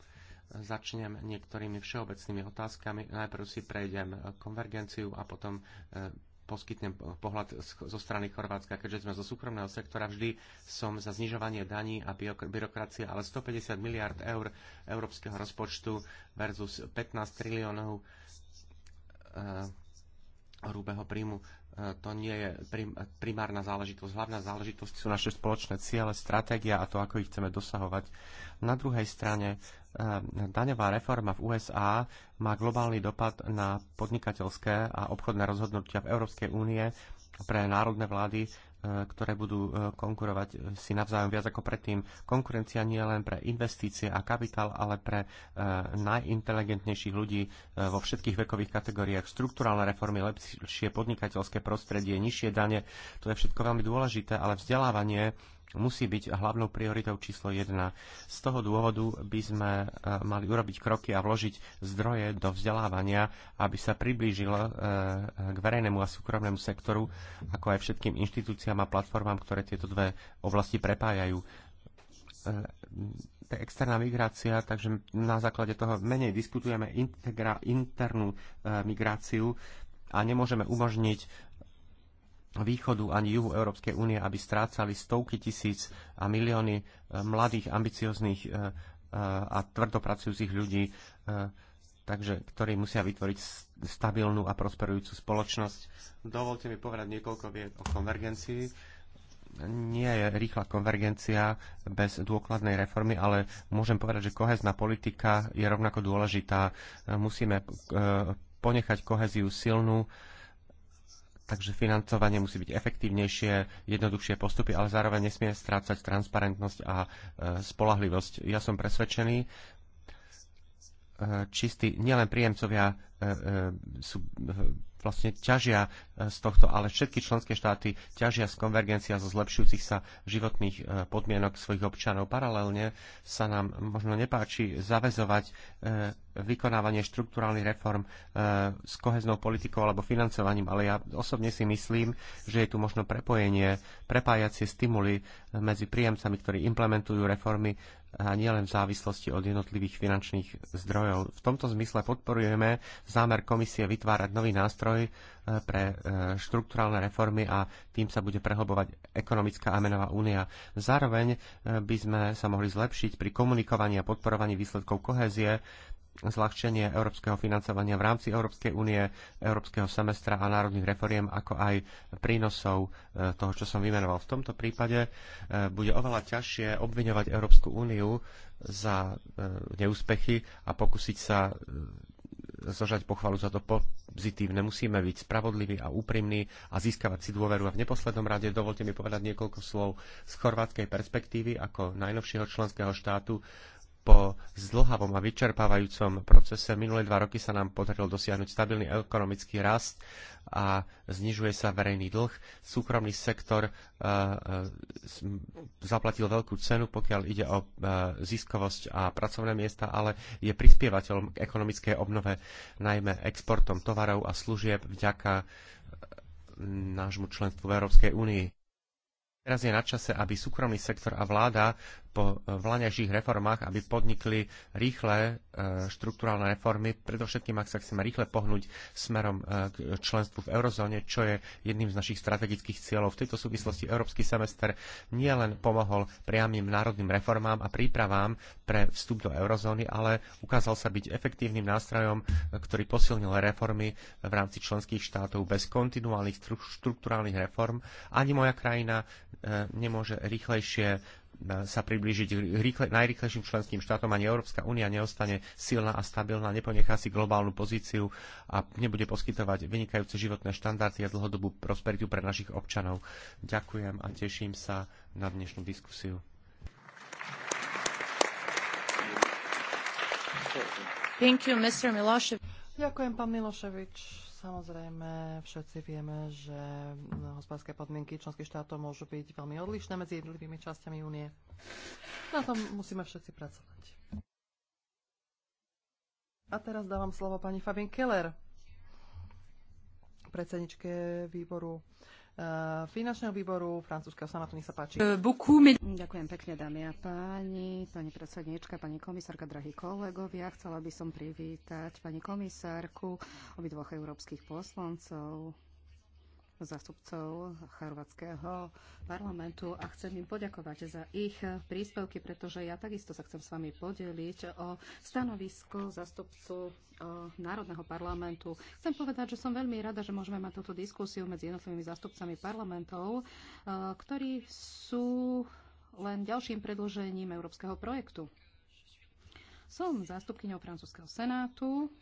Začnem niektorými všeobecnými otázkami. Najprv si prejdem konvergenciu a potom e, poskytnem pohľad zo strany Chorvátska, keďže sme zo súkromného sektora. Vždy som za znižovanie daní a byrokracie, ale 150 miliard eur európskeho rozpočtu versus 15 triliónov e, hrubého príjmu. E, to nie je primárna záležitosť. Hlavná záležitosť sú naše spoločné ciele, stratégia a to, ako ich chceme dosahovať. Na druhej strane, e, daňová reforma v USA má globálny dopad na podnikateľské a obchodné rozhodnutia v Európskej únie pre národné vlády E, ktoré budú e, konkurovať e, si navzájom viac ako predtým. Konkurencia nie len pre investície a kapitál, ale pre najinteligentnejších ľudí vo všetkých vekových kategóriách. Strukturálne reformy, lepšie podnikateľské prostredie, nižšie dane, to je všetko veľmi dôležité, ale vzdelávanie musí byť hlavnou prioritou číslo 1. Z toho dôvodu by sme e, mali urobiť kroky a vložiť zdroje do vzdelávania, aby sa priblížilo e, k verejnému a súkromnému sektoru, ako aj všetkým inštitúciám a platformám, ktoré tieto dve oblasti prepájajú e, externá migrácia, takže na základe toho menej diskutujeme integra, internú migráciu a nemôžeme umožniť východu ani juhu Európskej únie, aby strácali stovky tisíc a milióny e, mladých, ambicioznych e, e, a tvrdopracujúcich ľudí, takže, ktorí musia vytvoriť stabilnú a prosperujúcu spoločnosť. Dovolte mi povedať niekoľko vied o konvergencii. Nie je rýchla konvergencia bez dôkladnej reformy, ale môžem povedať, že kohezná politika je rovnako dôležitá. Musíme ponechať koheziu silnú, Takže financovanie musí byť efektívnejšie, jednoduchšie postupy, ale zároveň nesmie strácať transparentnosť a e, spolahlivosť. Ja som presvedčený, e, čistí nielen príjemcovia e, sú vlastne ťažia e, z tohto, ale všetky členské štáty ťažia z konvergencia zo zlepšujúcich sa životných e, podmienok svojich občanov. Paralelne sa nám možno nepáči zavezovať e, vykonávanie štruktúrálnych reform s koheznou politikou alebo financovaním, ale ja osobne si myslím, že je tu možno prepojenie, prepájacie stimuly medzi príjemcami, ktorí implementujú reformy a nielen v závislosti od jednotlivých finančných zdrojov. V tomto zmysle podporujeme zámer komisie vytvárať nový nástroj e, pre e, štruktúralne reformy a tým sa bude prehlbovať ekonomická a menová únia. Zároveň e, by sme sa mohli zlepšiť pri komunikovaní a podporovaní výsledkov kohézie zľahčenie európskeho financovania v rámci Európskej únie, európskeho semestra a národných reforiem, ako aj prínosov e, toho, čo som vymenoval. V tomto prípade e, bude oveľa ťažšie obviňovať Európsku úniu za e, neúspechy a pokúsiť sa zožať pochvalu za to pozitívne. Musíme byť spravodliví a úprimní a získavať si dôveru. A v neposlednom rade dovolte mi povedať niekoľko slov z chorvátskej perspektívy ako najnovšieho členského štátu po zdlhavom a vyčerpávajúcom procese minulé dva roky sa nám podarilo dosiahnuť stabilný ekonomický rast a znižuje sa verejný dlh. Súkromný sektor e, e, zaplatil veľkú cenu, pokiaľ ide o e, ziskovosť a pracovné miesta, ale je prispievateľom k ekonomickej obnove, najmä exportom tovarov a služieb vďaka nášmu členstvu v Európskej únii. Teraz je na čase, aby súkromný sektor a vláda po vlaňajších reformách, aby podnikli rýchle e, štruktúrálne reformy, predovšetkým ak sa chceme rýchle pohnúť smerom e, k členstvu v eurozóne, čo je jedným z našich strategických cieľov. V tejto súvislosti Európsky semester nielen pomohol priamým národným reformám a prípravám pre vstup do eurozóny, ale ukázal sa byť efektívnym nástrojom, e, ktorý posilnil reformy v rámci členských štátov. Bez kontinuálnych štruktúrálnych reform ani moja krajina nemôže rýchlejšie sa priblížiť rýchle, najrýchlejším členským štátom, ani Európska únia neostane silná a stabilná, neponechá si globálnu pozíciu a nebude poskytovať vynikajúce životné štandardy a dlhodobú prosperitu pre našich občanov. Ďakujem a teším sa na dnešnú diskusiu. Thank you, Mr. Ďakujem, pán Miloševič. Samozrejme, všetci vieme, že hospodárske podmienky členských štátov môžu byť veľmi odlišné medzi jednotlivými časťami únie. Na tom musíme všetci pracovať. A teraz dávam slovo pani Fabien Keller, predsedničke výboru Eh, finančného výboru francúzského senátu. Nech sa páči. Eh, Ďakujem pekne, dámy a páni, pani predsedníčka, pani komisárka, drahí kolegovia. Chcela by som privítať pani komisárku, obidvoch európskych poslancov, zástupcov chorvatského parlamentu a chcem im poďakovať za ich príspevky, pretože ja takisto sa chcem s vami podeliť o stanovisko zástupcu e, Národného parlamentu. Chcem povedať, že som veľmi rada, že môžeme mať túto diskusiu medzi jednotlivými zástupcami parlamentov, e, ktorí sú len ďalším predložením európskeho projektu. Som zástupkyňou francúzského senátu,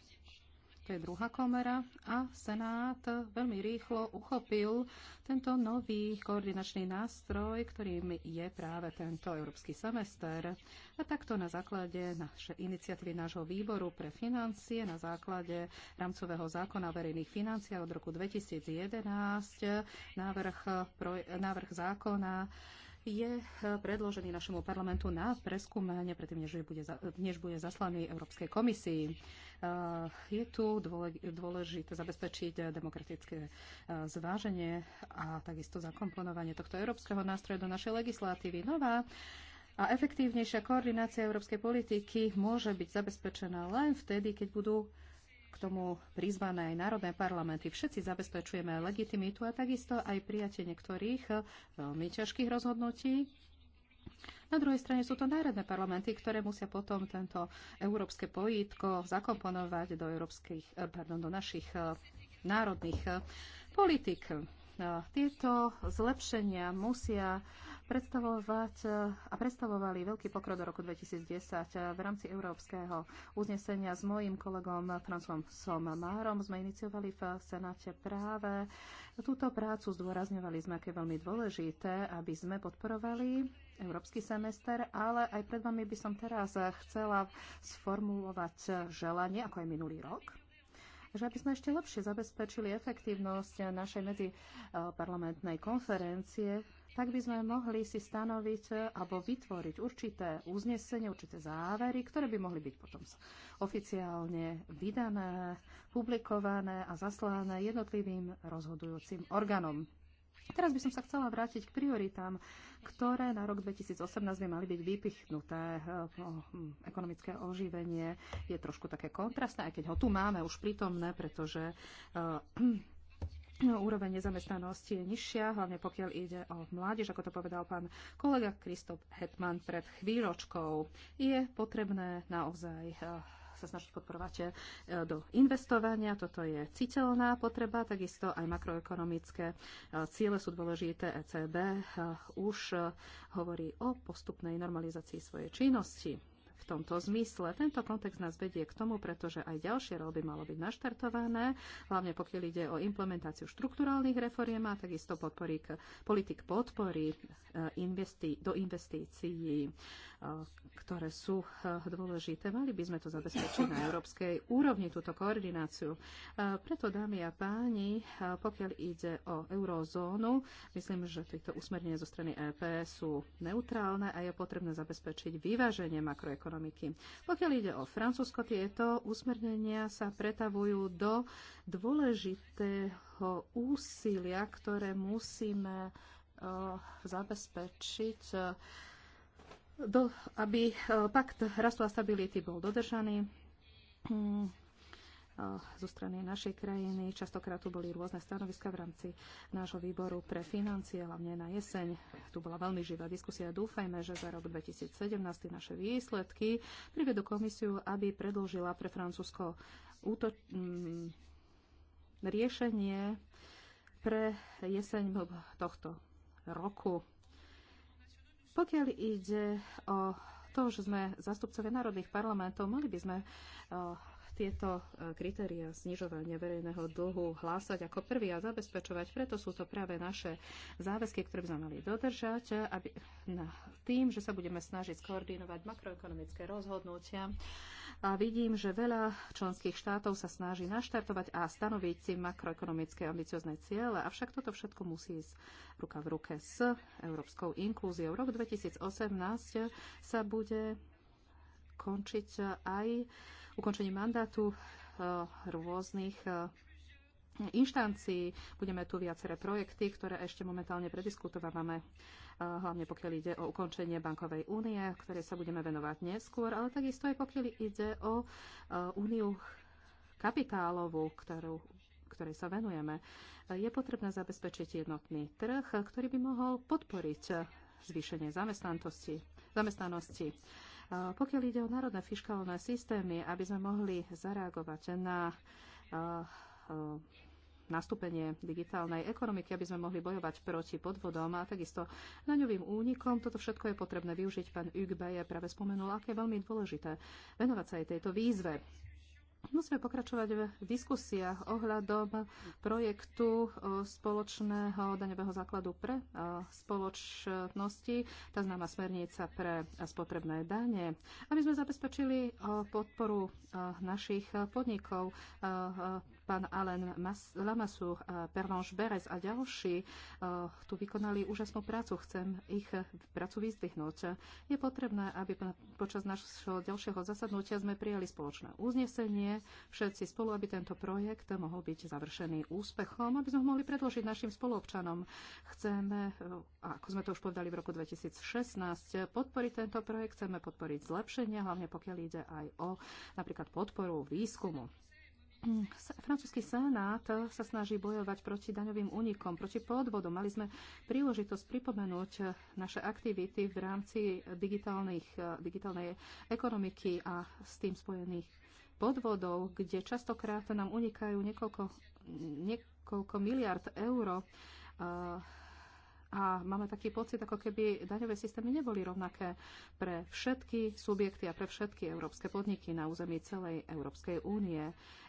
to je druhá komera, a Senát veľmi rýchlo uchopil tento nový koordinačný nástroj, ktorým je práve tento európsky semester. A takto na základe naše iniciatívy nášho výboru pre financie, na základe rámcového zákona o verejných financiách od roku 2011, návrh, návrh zákona je eh, predložený našemu parlamentu na preskúmanie, predtým, než bude, než bude zaslaný Európskej komisii. Eh, je tu dôležité zabezpečiť eh, demokratické zváženie a takisto zakomponovanie tohto európskeho nástroja do našej legislatívy. Nová a efektívnejšia koordinácia európskej politiky môže byť zabezpečená len vtedy, keď budú k tomu prizvané aj národné parlamenty. Všetci zabezpečujeme legitimitu a takisto aj prijatie niektorých veľmi ťažkých rozhodnutí. Na druhej strane sú to národné parlamenty, ktoré musia potom tento európske pojítko zakomponovať do, európskych, pardon, do našich národných politik. Tieto zlepšenia musia predstavovať e, a predstavovali veľký pokrok do roku 2010 e, v rámci európskeho uznesenia s mojim kolegom Francom Márom. Sme iniciovali v Senáte práve túto prácu. Zdôrazňovali sme, aké je veľmi dôležité, aby sme podporovali európsky semester, ale aj pred vami by som teraz chcela sformulovať želanie, ako aj minulý rok, že aby sme ešte lepšie zabezpečili efektívnosť našej medziparlamentnej konferencie, tak by sme mohli si stanoviť alebo vytvoriť určité uznesenie, určité závery, ktoré by mohli byť potom oficiálne vydané, publikované a zaslané jednotlivým rozhodujúcim orgánom. Teraz by som sa chcela vrátiť k prioritám, ktoré na rok 2018 by mali byť vypichnuté. Hm, ekonomické oživenie je trošku také kontrastné, aj keď ho tu máme už prítomné, pretože e, hm, úroveň nezamestnanosti je nižšia, hlavne pokiaľ ide o mládež, ako to povedal pán kolega Kristof Hetman pred chvíľočkou. Je potrebné naozaj e, sa snažiť podporovať e, do investovania. Toto je citeľná potreba, takisto aj makroekonomické e, ciele sú dôležité. ECB e, už hovorí o postupnej normalizácii svojej činnosti. V tomto zmysle tento kontext nás vedie k tomu, pretože aj ďalšie roly malo byť naštartované, hlavne pokiaľ ide o implementáciu štrukturálnych reforiem a takisto podporík, politik podpory investi, do investícií ktoré sú eh, dôležité. Mali by sme to zabezpečiť na európskej úrovni, túto koordináciu. Eh, preto, dámy a páni, eh, pokiaľ ide o eurozónu, myslím, že tieto usmernenia zo strany EP sú neutrálne a je potrebné zabezpečiť vyváženie makroekonomiky. Pokiaľ ide o Francúzsko, tieto usmernenia sa pretavujú do dôležitého úsilia, ktoré musíme zabezpečiť do, aby e, pakt rastu a stability bol dodržaný hm, e, zo strany našej krajiny. Častokrát tu boli rôzne stanoviska v rámci nášho výboru pre financie, hlavne na jeseň. Tu bola veľmi živá diskusia. Dúfajme, že za rok 2017 naše výsledky privedú komisiu, aby predlžila pre Francúzsko úto- m, hm, riešenie pre jeseň tohto roku pokiaľ ide o to, že sme zastupcovia národných parlamentov, mali by sme tieto e, kritéria znižovania verejného dlhu hlásať ako prvý a zabezpečovať. Preto sú to práve naše záväzky, ktoré by sme mali dodržať aby, na, tým, že sa budeme snažiť skoordinovať makroekonomické rozhodnutia a vidím, že veľa členských štátov sa snaží naštartovať a stanoviť si makroekonomické ambiciozne ciele, avšak toto všetko musí ísť ruka v ruke s európskou inklúziou. Rok 2018 sa bude končiť aj ukončením mandátu eh, rôznych eh, inštancií. Budeme tu viaceré projekty, ktoré ešte momentálne prediskutovávame hlavne pokiaľ ide o ukončenie bankovej únie, ktoré sa budeme venovať neskôr, ale takisto aj pokiaľ ide o e, úniu kapitálovú, ktorú ktorej sa venujeme, e, je potrebné zabezpečiť jednotný trh, ktorý by mohol podporiť e, zvýšenie zamestnanosti. zamestnanosti. Pokiaľ ide o národné fiskálne systémy, aby sme mohli zareagovať na nastúpenie digitálnej ekonomiky, aby sme mohli bojovať proti podvodom a takisto daňovým únikom. Toto všetko je potrebné využiť. Pán Ugbe je práve spomenul, aké je veľmi dôležité venovať sa aj tejto výzve. Musíme pokračovať v diskusiách ohľadom projektu e, spoločného daňového základu pre e, spoločnosti, tá známa smernica pre spotrebné dane, aby sme zabezpečili e, podporu našich podnikov pán Alen Lamasur, eh, Perlange Berez a ďalší eh, tu vykonali úžasnú prácu. Chcem ich prácu vyzdvihnúť. Je potrebné, aby počas našho ďalšieho zasadnutia sme prijali spoločné uznesenie všetci spolu, aby tento projekt mohol byť završený úspechom, aby sme ho mohli predložiť našim spoluobčanom. Chceme, eh, ako sme to už povedali v roku 2016, podporiť tento projekt, chceme podporiť zlepšenie, hlavne pokiaľ ide aj o napríklad podporu výskumu. Mm, Francúzsky senát sa snaží bojovať proti daňovým únikom, proti podvodom. Mali sme príležitosť pripomenúť naše aktivity v rámci eh, digitálnej ekonomiky a s tým spojených podvodov, kde častokrát nám unikajú niekoľko, niekoľko miliard eur eh, a máme taký pocit, ako keby daňové systémy neboli rovnaké pre všetky subjekty a pre všetky európske podniky na území celej Európskej únie.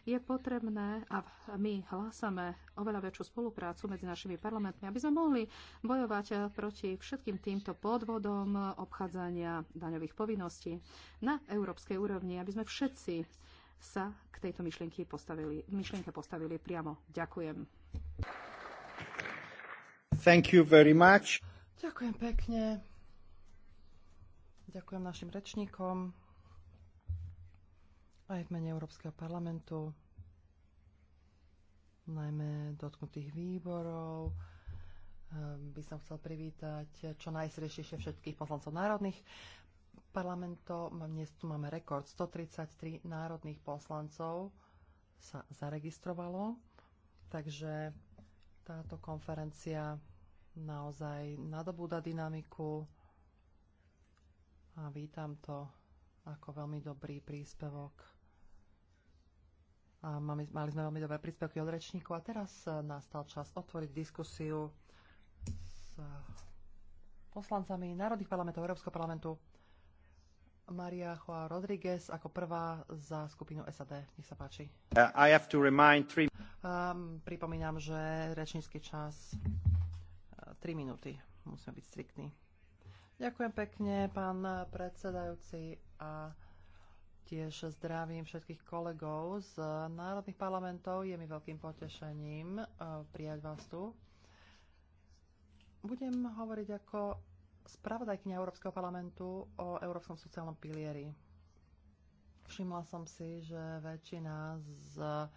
Je potrebné, a my hlásame oveľa väčšiu spoluprácu medzi našimi parlamentmi, aby sme mohli bojovať eh, proti všetkým týmto podvodom obchádzania daňových povinností na európskej úrovni, aby sme všetci sa k tejto myšlienke postavili, myšlienke postavili priamo. Ďakujem. Thank you very much. Ďakujem pekne. Ďakujem našim rečníkom aj v mene Európskeho parlamentu, najmä dotknutých výborov, eh, by som chcel privítať čo najsrejšie všetkých poslancov národných parlamentov. Dnes tu máme rekord. 133 národných poslancov sa zaregistrovalo, takže táto konferencia naozaj nadobúda dynamiku a vítam to ako veľmi dobrý príspevok. A mali, mali sme veľmi dobré príspevky od rečníkov a teraz eh, nastal čas otvoriť diskusiu s poslancami Národných parlamentov Európskeho parlamentu. Maria Joa Rodriguez ako prvá za skupinu SAD. Nech sa páči. Uh, I have to remind three... um, pripomínam, že rečnícky čas 3 minúty. Musíme byť striktní. Ďakujem pekne, pán predsedajúci a tiež zdravím všetkých kolegov z národných parlamentov. Je mi veľkým potešením e, prijať vás tu. Budem hovoriť ako spravodajkňa Európskeho parlamentu o Európskom sociálnom pilieri. Všimla som si, že väčšina z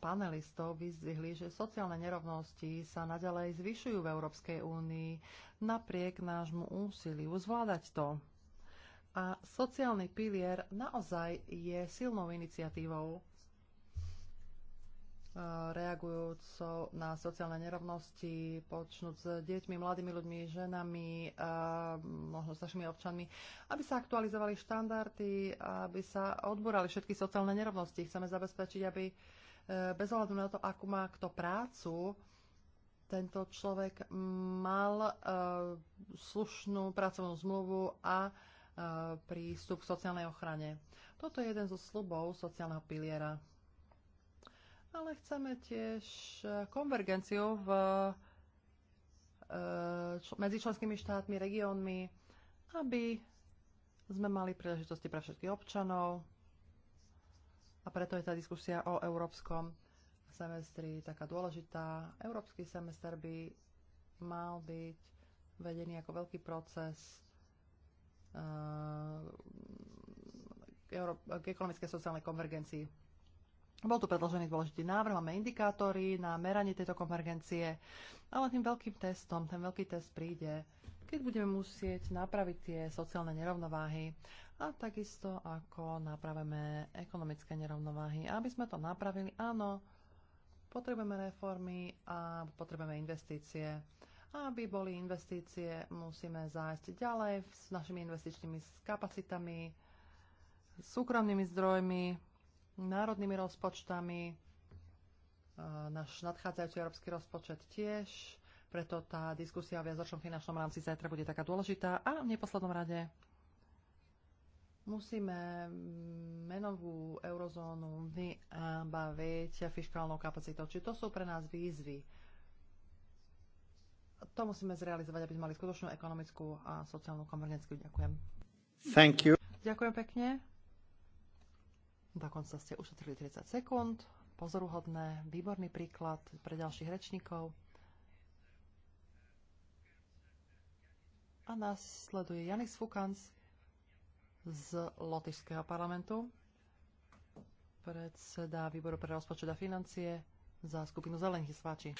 panelistov vyzdvihli, že sociálne nerovnosti sa naďalej zvyšujú v Európskej únii napriek nášmu úsiliu zvládať to. A sociálny pilier naozaj je silnou iniciatívou e, reagujúco na sociálne nerovnosti, počnúť s deťmi, mladými ľuďmi, ženami, možno staršími občanmi, aby sa aktualizovali štandardy, aby sa odborali všetky sociálne nerovnosti. Chceme zabezpečiť, aby E, bez ohľadu na to, akú má kto prácu, tento človek mal e, slušnú pracovnú zmluvu a e, prístup k sociálnej ochrane. Toto je jeden zo slubov sociálneho piliera. Ale chceme tiež konvergenciu v, medzi členskými štátmi, regiónmi, aby sme mali príležitosti pre všetkých občanov, a preto je tá diskusia o európskom semestri taká dôležitá. Európsky semester by mal byť vedený ako veľký proces eh, k ekonomickej a sociálnej konvergencii. Bol tu predložený dôležitý návrh, máme indikátory na meranie tejto konvergencie, ale tým veľkým testom, ten veľký test príde, keď budeme musieť napraviť tie sociálne nerovnováhy a takisto ako napravíme ekonomické nerovnováhy. Aby sme to napravili, áno, potrebujeme reformy a potrebujeme investície. Aby boli investície, musíme zájsť ďalej s našimi investičnými kapacitami, súkromnými zdrojmi, národnými rozpočtami, náš nadchádzajúci európsky rozpočet tiež, preto tá diskusia o viazočnom finančnom rámci zajtra bude taká dôležitá a v neposlednom rade Musíme menovú eurozónu vybaviť fiskálnou kapacitou. Čiže to sú pre nás výzvy. To musíme zrealizovať, aby sme mali skutočnú ekonomickú a sociálnu konvergenciu. Ďakujem. Thank you. Ďakujem pekne. Dokonca ste ušetrili 30 sekúnd. Pozoruhodné, výborný príklad pre ďalších rečníkov. A nás sleduje Janis Fukans z Lotyšského parlamentu, predseda výboru pre rozpočet a financie za skupinu Zelených sváči.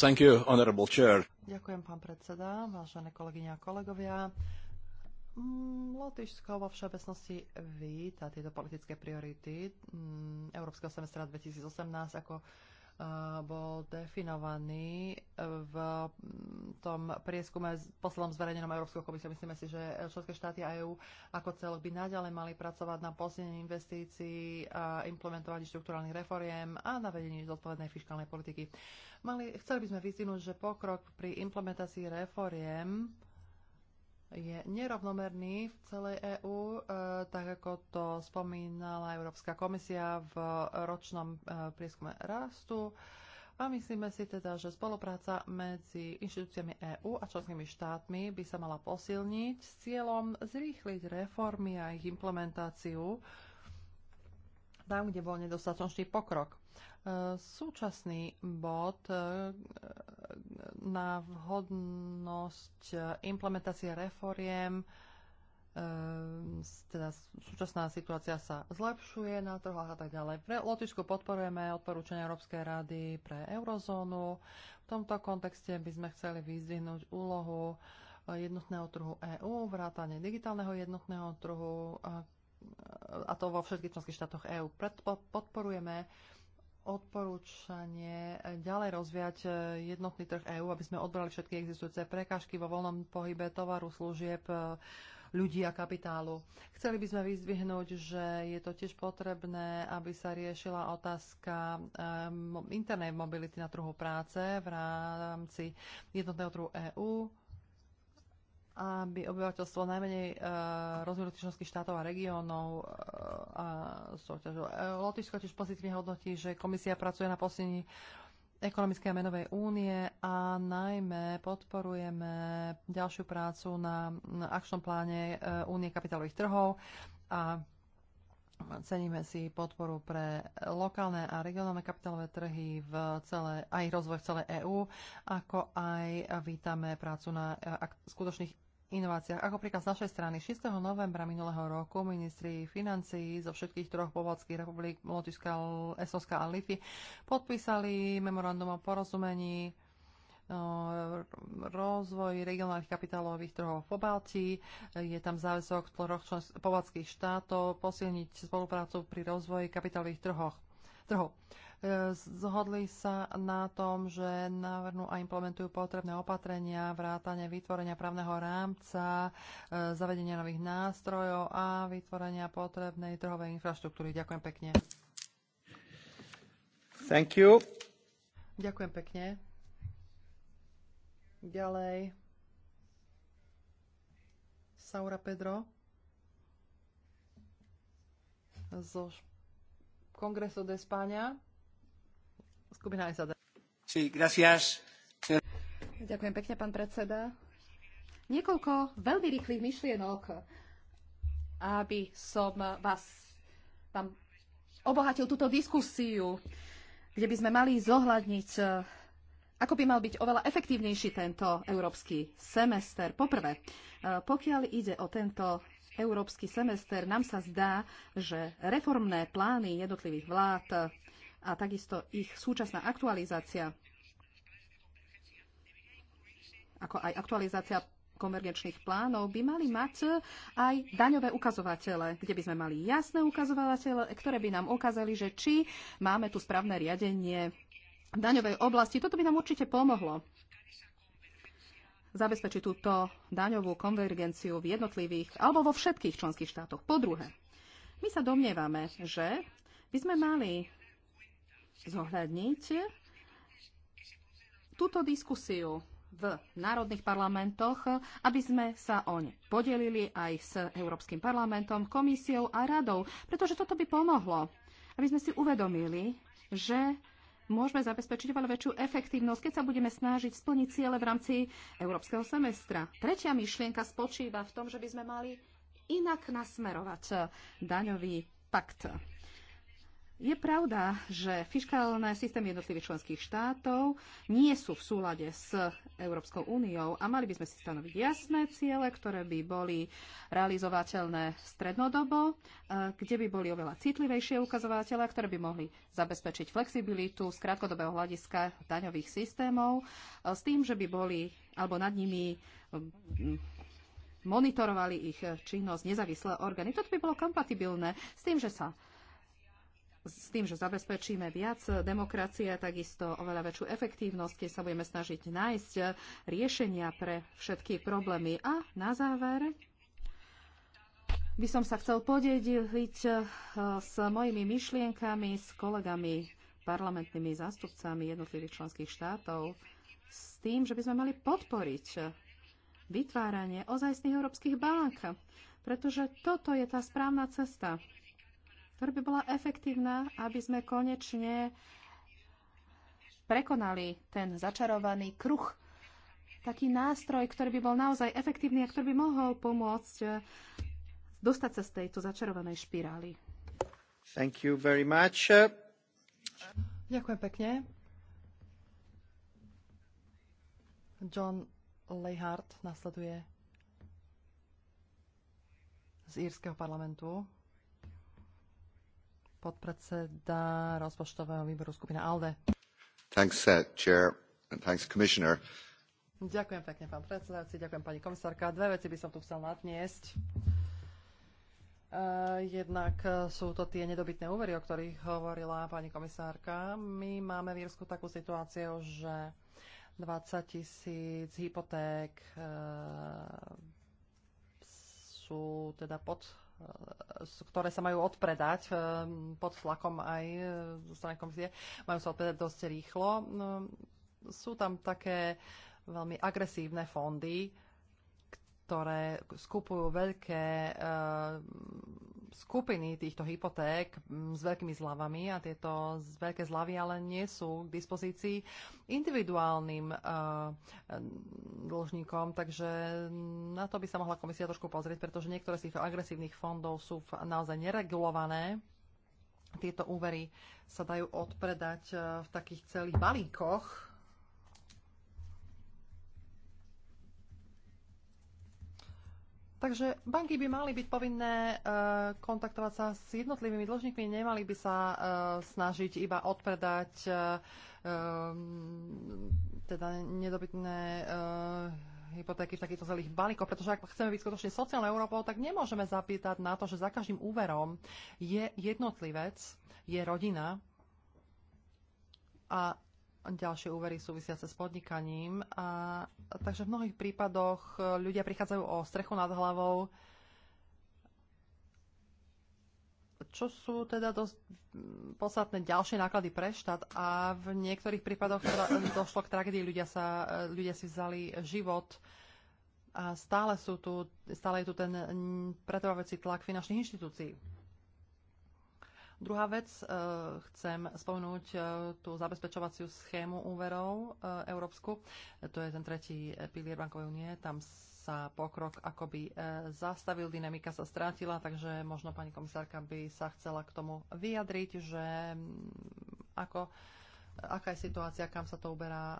Thank you, honorable chair. Ďakujem, pán predseda, vážené kolegyne a kolegovia. Mm, Lotyšsko vo všeobecnosti víta tieto politické priority mm, Európskeho semestra 2018 ako bol definovaný e, v tom prieskume poslednom zverejnenom Európskou komisiou. Myslíme si, že členské štáty a EÚ ako celok by naďalej mali pracovať na posilnení investícií, a štruktúrálnych reforiem a na vedení zodpovednej fiskálnej politiky. Mali, chceli by sme vyzdvihnúť, že pokrok pri implementácii reforiem je nerovnomerný v celej EÚ, e, tak ako to spomínala Európska komisia v ročnom e, prieskume rastu. A myslíme si teda, že spolupráca medzi inštitúciami EÚ a členskými štátmi by sa mala posilniť s cieľom zrýchliť reformy a ich implementáciu tam, kde bol nedostatočný pokrok. E, súčasný bod, na vhodnosť e, implementácie reforiem. E, teda súčasná situácia sa zlepšuje na trhoch a tak ďalej. Pre Lotyšsko podporujeme odporúčania Európskej rady pre eurozónu. V tomto kontexte by sme chceli vyzdvihnúť úlohu e, jednotného trhu EÚ, vrátanie digitálneho jednotného trhu a to vo všetkých členských štátoch EÚ. Podporujeme odporúčanie ďalej rozviať e, jednotný trh EÚ, aby sme odbrali všetky existujúce prekážky vo voľnom pohybe tovaru, služieb, e, ľudí a kapitálu. Chceli by sme vyzvihnúť, že je to tiež potrebné, aby sa riešila otázka e, internej mobility na trhu práce v rámci jednotného trhu EÚ aby obyvateľstvo najmenej uh, rozvinutých členských štátov a regiónov uh, a súťažilo. Eh, Lotyšsko tiež pozitívne hodnotí, že komisia pracuje na posilnení ekonomickej a menovej únie a najmä podporujeme ďalšiu prácu na, na akčnom pláne únie kapitálových trhov a ceníme si podporu pre lokálne a regionálne kapitálové trhy v celé, aj rozvoj v celej EÚ, ako aj vítame prácu na skutočných inováciách. Ako príklad z našej strany, 6. novembra minulého roku ministri financií zo všetkých troch povodských republik, Lotyšská, Estoska a Litvy, podpísali memorandum o porozumení rozvoj regionálnych kapitálových trhov v Pobalti. Je tam záväzok troch povodských štátov posilniť spoluprácu pri rozvoji kapitálových trhov. Zhodli sa na tom, že navrhnú a implementujú potrebné opatrenia, vrátane vytvorenia právneho rámca, e, zavedenia nových nástrojov a vytvorenia potrebnej trhovej infraštruktúry. Ďakujem pekne. Thank you. Ďakujem pekne. Ďalej. Saura Pedro zo Kongresu de España. Skupina SAD. Ďakujem pekne, pán predseda. Niekoľko veľmi rýchlych myšlienok, aby som vás vám obohatil túto diskusiu, kde by sme mali zohľadniť, ako by mal byť oveľa efektívnejší tento európsky semester. Poprvé, pokiaľ ide o tento európsky semester, nám sa zdá, že reformné plány jednotlivých vlád a takisto ich súčasná aktualizácia, ako aj aktualizácia konvergenčných plánov by mali mať aj daňové ukazovatele, kde by sme mali jasné ukazovatele, ktoré by nám ukázali, že či máme tu správne riadenie v daňovej oblasti. Toto by nám určite pomohlo zabezpečiť túto daňovú konvergenciu v jednotlivých alebo vo všetkých členských štátoch. Po druhé, my sa domnievame, že by sme mali zohľadniť túto diskusiu v národných parlamentoch, aby sme sa oň podelili aj s Európskym parlamentom, komisiou a radou, pretože toto by pomohlo, aby sme si uvedomili, že môžeme zabezpečiť oveľa väčšiu efektívnosť, keď sa budeme snažiť splniť ciele v rámci európskeho semestra. Tretia myšlienka spočíva v tom, že by sme mali inak nasmerovať daňový pakt. Je pravda, že fiskálne systémy jednotlivých členských štátov nie sú v súlade s Európskou úniou a mali by sme si stanoviť jasné ciele, ktoré by boli realizovateľné strednodobo, e, kde by boli oveľa citlivejšie ukazovateľe, ktoré by mohli zabezpečiť flexibilitu z krátkodobého hľadiska daňových systémov e, s tým, že by boli alebo nad nimi monitorovali ich činnosť nezávislé orgány. Toto by bolo kompatibilné s tým, že sa s tým, že zabezpečíme viac demokracie, takisto oveľa väčšiu efektívnosť, keď sa budeme snažiť nájsť riešenia pre všetky problémy. A na záver by som sa chcel podeliť eh, s mojimi myšlienkami, s kolegami parlamentnými zástupcami jednotlivých členských štátov, s tým, že by sme mali podporiť vytváranie ozajstných európskych bank, pretože toto je tá správna cesta ktorá by bola efektívna, aby sme konečne prekonali ten začarovaný kruh, taký nástroj, ktorý by bol naozaj efektívny a ktorý by mohol pomôcť eh, dostať sa z tejto začarovanej špirály. Thank you very much. Ďakujem pekne. John Lehart nasleduje z Írskeho parlamentu podpredseda rozpočtového výboru skupina ALDE. Thanks, uh, chair, and thanks, commissioner. Ďakujem pekne, pán predsedajúci, ďakujem pani komisárka. Dve veci by som tu chcel nadniesť. Uh, jednak uh, sú to tie nedobytné úvery, o ktorých hovorila pani komisárka. My máme v Írsku takú situáciu, že 20 tisíc hypoték sú teda pod ktoré sa majú odpredať eh, pod tlakom aj eh, zo strany komisie, majú sa odpredať dosť rýchlo. No, sú tam také veľmi agresívne fondy, ktoré skupujú veľké eh, skupiny týchto hypoték mm, s veľkými zľavami a tieto veľké zľavy ale nie sú k dispozícii individuálnym uh, dlžníkom, takže na to by sa mohla komisia trošku pozrieť, pretože niektoré z tých agresívnych fondov sú naozaj neregulované. Tieto úvery sa dajú odpredať eh, v takých celých balíkoch, Takže banky by mali byť povinné e, kontaktovať sa s jednotlivými dlžníkmi, nemali by sa e, snažiť iba odpredať e, teda nedobytné hypotéky v takýchto celých balíkoch, pretože ak chceme byť skutočne sociálnou Európou, tak nemôžeme zapýtať na to, že za každým úverom je jednotlivec, je rodina a ďalšie úvery súvisiace s podnikaním. A, takže v mnohých prípadoch e, ľudia prichádzajú o strechu nad hlavou, čo sú teda dosť podstatné ďalšie náklady pre štát a v niektorých prípadoch tra- teda došlo k tragédii, ľudia, sa, e, ľudia si vzali život a stále, sú tu, stále je tu ten pretrvávajúci tlak finančných inštitúcií. Druhá vec, e, chcem spomenúť e, tú zabezpečovaciu schému úverov e, európsku. To je ten tretí pilier bankovej únie. Tam sa pokrok akoby zastavil, dynamika sa strátila, takže možno pani komisárka by sa chcela k tomu vyjadriť, že ako, aká je situácia, kam sa to uberá.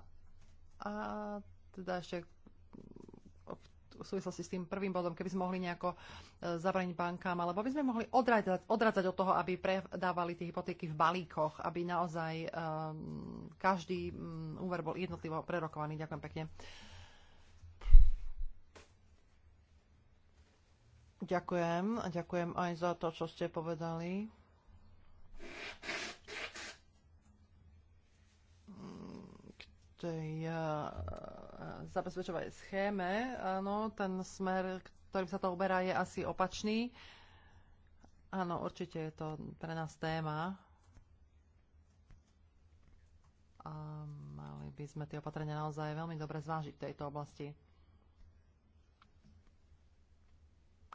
A teda ešte v súvislosti s tým prvým bodom, keby sme mohli nejako e, zabraniť bankám, alebo by sme mohli odradzať, odradzať od toho, aby predávali tie hypotéky v balíkoch, aby naozaj um, každý mm, úver bol jednotlivo prerokovaný. Ďakujem pekne. Ďakujem. Ďakujem aj za to, čo ste povedali. tej eh, zabezpečovej schéme, áno, ten smer, ktorým sa to uberá, je asi opačný. Áno, určite je to pre nás téma. A mali by sme tie opatrenia naozaj veľmi dobre zvážiť v tejto oblasti.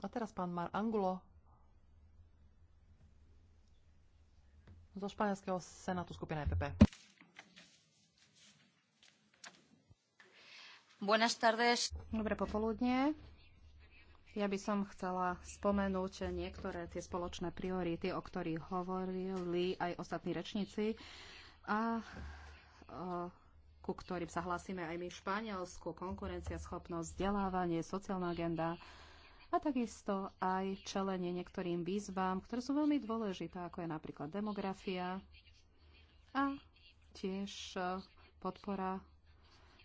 A teraz pán Mar Angulo zo španielského senátu skupina EPP. Buenas tardes. Dobré popoludne. Ja by som chcela spomenúť niektoré tie spoločné priority, o ktorých hovorili aj ostatní rečníci a o, ku ktorým sa hlásime aj my v Španielsku, schopnosť, vzdelávanie, sociálna agenda a takisto aj čelenie niektorým výzvám, ktoré sú veľmi dôležité, ako je napríklad demografia a tiež podpora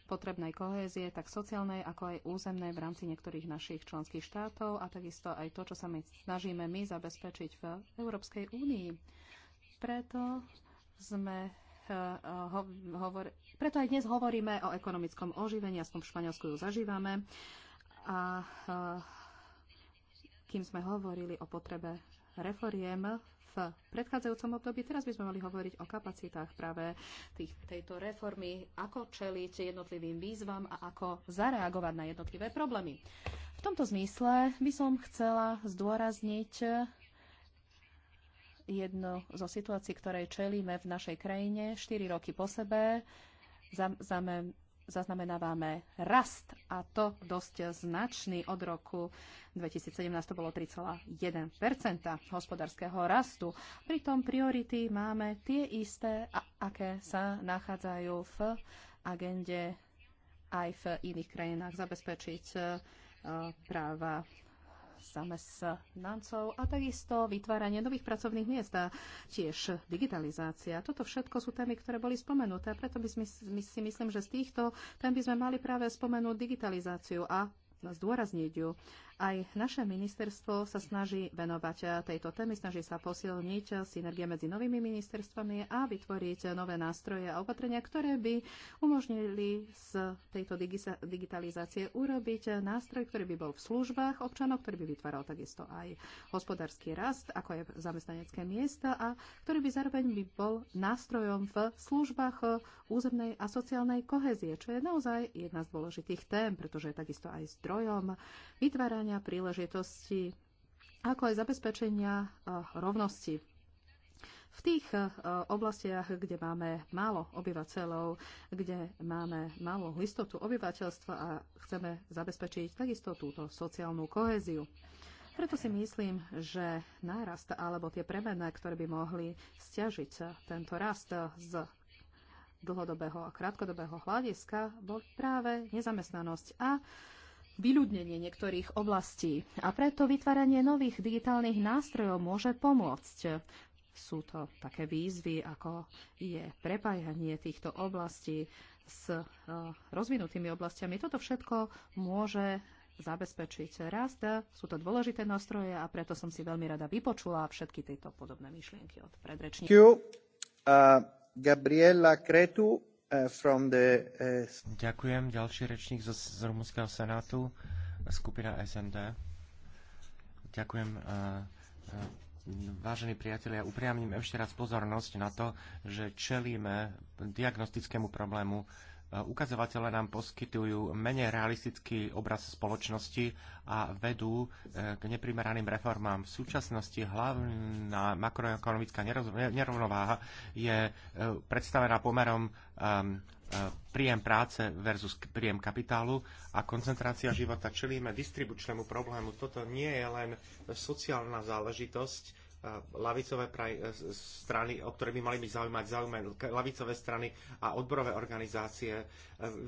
potrebnej kohézie, tak sociálnej, ako aj územnej v rámci niektorých našich členských štátov a takisto aj to, čo sa my snažíme my zabezpečiť v Európskej únii. Preto sme eh, ho, hovor, preto aj dnes hovoríme o ekonomickom oživení, aspoň v Španielsku ju zažívame. A, a eh, kým sme hovorili o potrebe reforiem v predchádzajúcom období. Teraz by sme mali hovoriť o kapacitách práve tých, tejto reformy, ako čeliť jednotlivým výzvam a ako zareagovať na jednotlivé problémy. V tomto zmysle by som chcela zdôrazniť jednu zo situácií, ktorej čelíme v našej krajine 4 roky po sebe. Zame, zaznamenávame rast a to dosť značný od roku 2017 to bolo 3,1 hospodárskeho rastu. Pritom priority máme tie isté, aké sa nachádzajú v agende aj v iných krajinách zabezpečiť eh, práva zamestnancov a takisto vytváranie nových pracovných miest a tiež digitalizácia. Toto všetko sú témy, ktoré boli spomenuté, preto by sme, my si myslím, že z týchto tém by sme mali práve spomenúť digitalizáciu a zdôrazniť ju. Aj naše ministerstvo sa snaží venovať tejto témy, snaží sa posilniť synergie medzi novými ministerstvami a vytvoriť nové nástroje a opatrenia, ktoré by umožnili z tejto digitalizácie urobiť nástroj, ktorý by bol v službách občanov, ktorý by vytváral takisto aj hospodársky rast, ako je zamestnanecké miesta a ktorý by zároveň by bol nástrojom v službách územnej a sociálnej kohezie, čo je naozaj jedna z dôležitých tém, pretože je takisto aj zdrojom vytvárania vyrovnania príležitosti, ako aj zabezpečenia e, rovnosti v tých e, oblastiach, kde máme málo obyvateľov, kde máme malú istotu obyvateľstva a chceme zabezpečiť takisto túto sociálnu kohéziu. Preto si myslím, že nárast alebo tie premené, ktoré by mohli stiažiť tento rast z dlhodobého a krátkodobého hľadiska, bol práve nezamestnanosť a vyľudnenie niektorých oblastí. A preto vytváranie nových digitálnych nástrojov môže pomôcť. Sú to také výzvy, ako je prepájanie týchto oblastí s e, rozvinutými oblastiami. Toto všetko môže zabezpečiť rast. Sú to dôležité nástroje a preto som si veľmi rada vypočula všetky tieto podobné myšlienky od predrečníka. Uh, Gabriela Kretu Uh, from the... Uh, Ďakujem. Ďalší rečník z, z Rumunského senátu, skupina SND. Ďakujem. Uh, vážení priatelia, upriamím ešte raz pozornosť na to, že čelíme diagnostickému problému ukazovatele nám poskytujú menej realistický obraz spoločnosti a vedú eh, k neprimeraným reformám. V súčasnosti hlavná makroekonomická nerovnováha je eh, predstavená pomerom ehm, eh, príjem práce versus príjem kapitálu a koncentrácia života. Čelíme distribučnému problému. Toto nie je len sociálna záležitosť, lavicové praj, e, strany, o ktoré by mali byť zaujímať, zaujímať lavicové strany a odborové organizácie. E,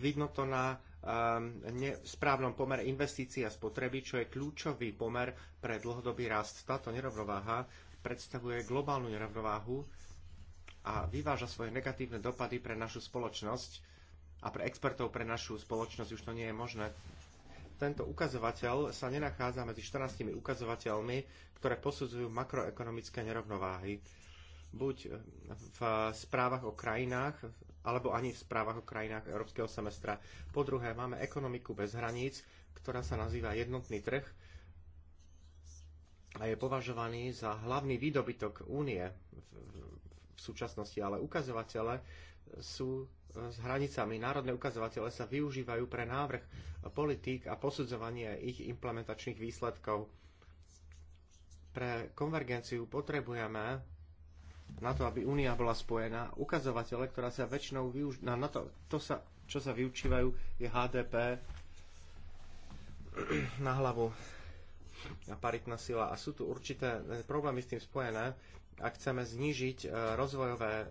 vidno to na ehm, správnom pomer investícií a spotreby, čo je kľúčový pomer pre dlhodobý rast. Táto nerovnováha predstavuje globálnu nerovnováhu a vyváža svoje negatívne dopady pre našu spoločnosť a pre expertov pre našu spoločnosť už to nie je možné. Tento ukazovateľ sa nenachádza medzi 14 ukazovateľmi, ktoré posudzujú makroekonomické nerovnováhy. Buď eh, v správach o krajinách, alebo ani v správach o krajinách Európskeho semestra. Po druhé, máme ekonomiku bez hraníc, ktorá sa nazýva jednotný trh a je považovaný za hlavný výdobytok únie v, v, v súčasnosti, ale ukazovatele sú e, s hranicami. Národné ukazovatele sa využívajú pre návrh politík a posudzovanie ich implementačných výsledkov. Pre konvergenciu potrebujeme na to, aby únia bola spojená, ukazovatele, ktorá sa väčšinou využívajú, na, na to, to sa, čo sa vyučívajú, je HDP na hlavu a paritná sila. A sú tu určité problémy s tým spojené ak chceme znižiť e, rozvojové e,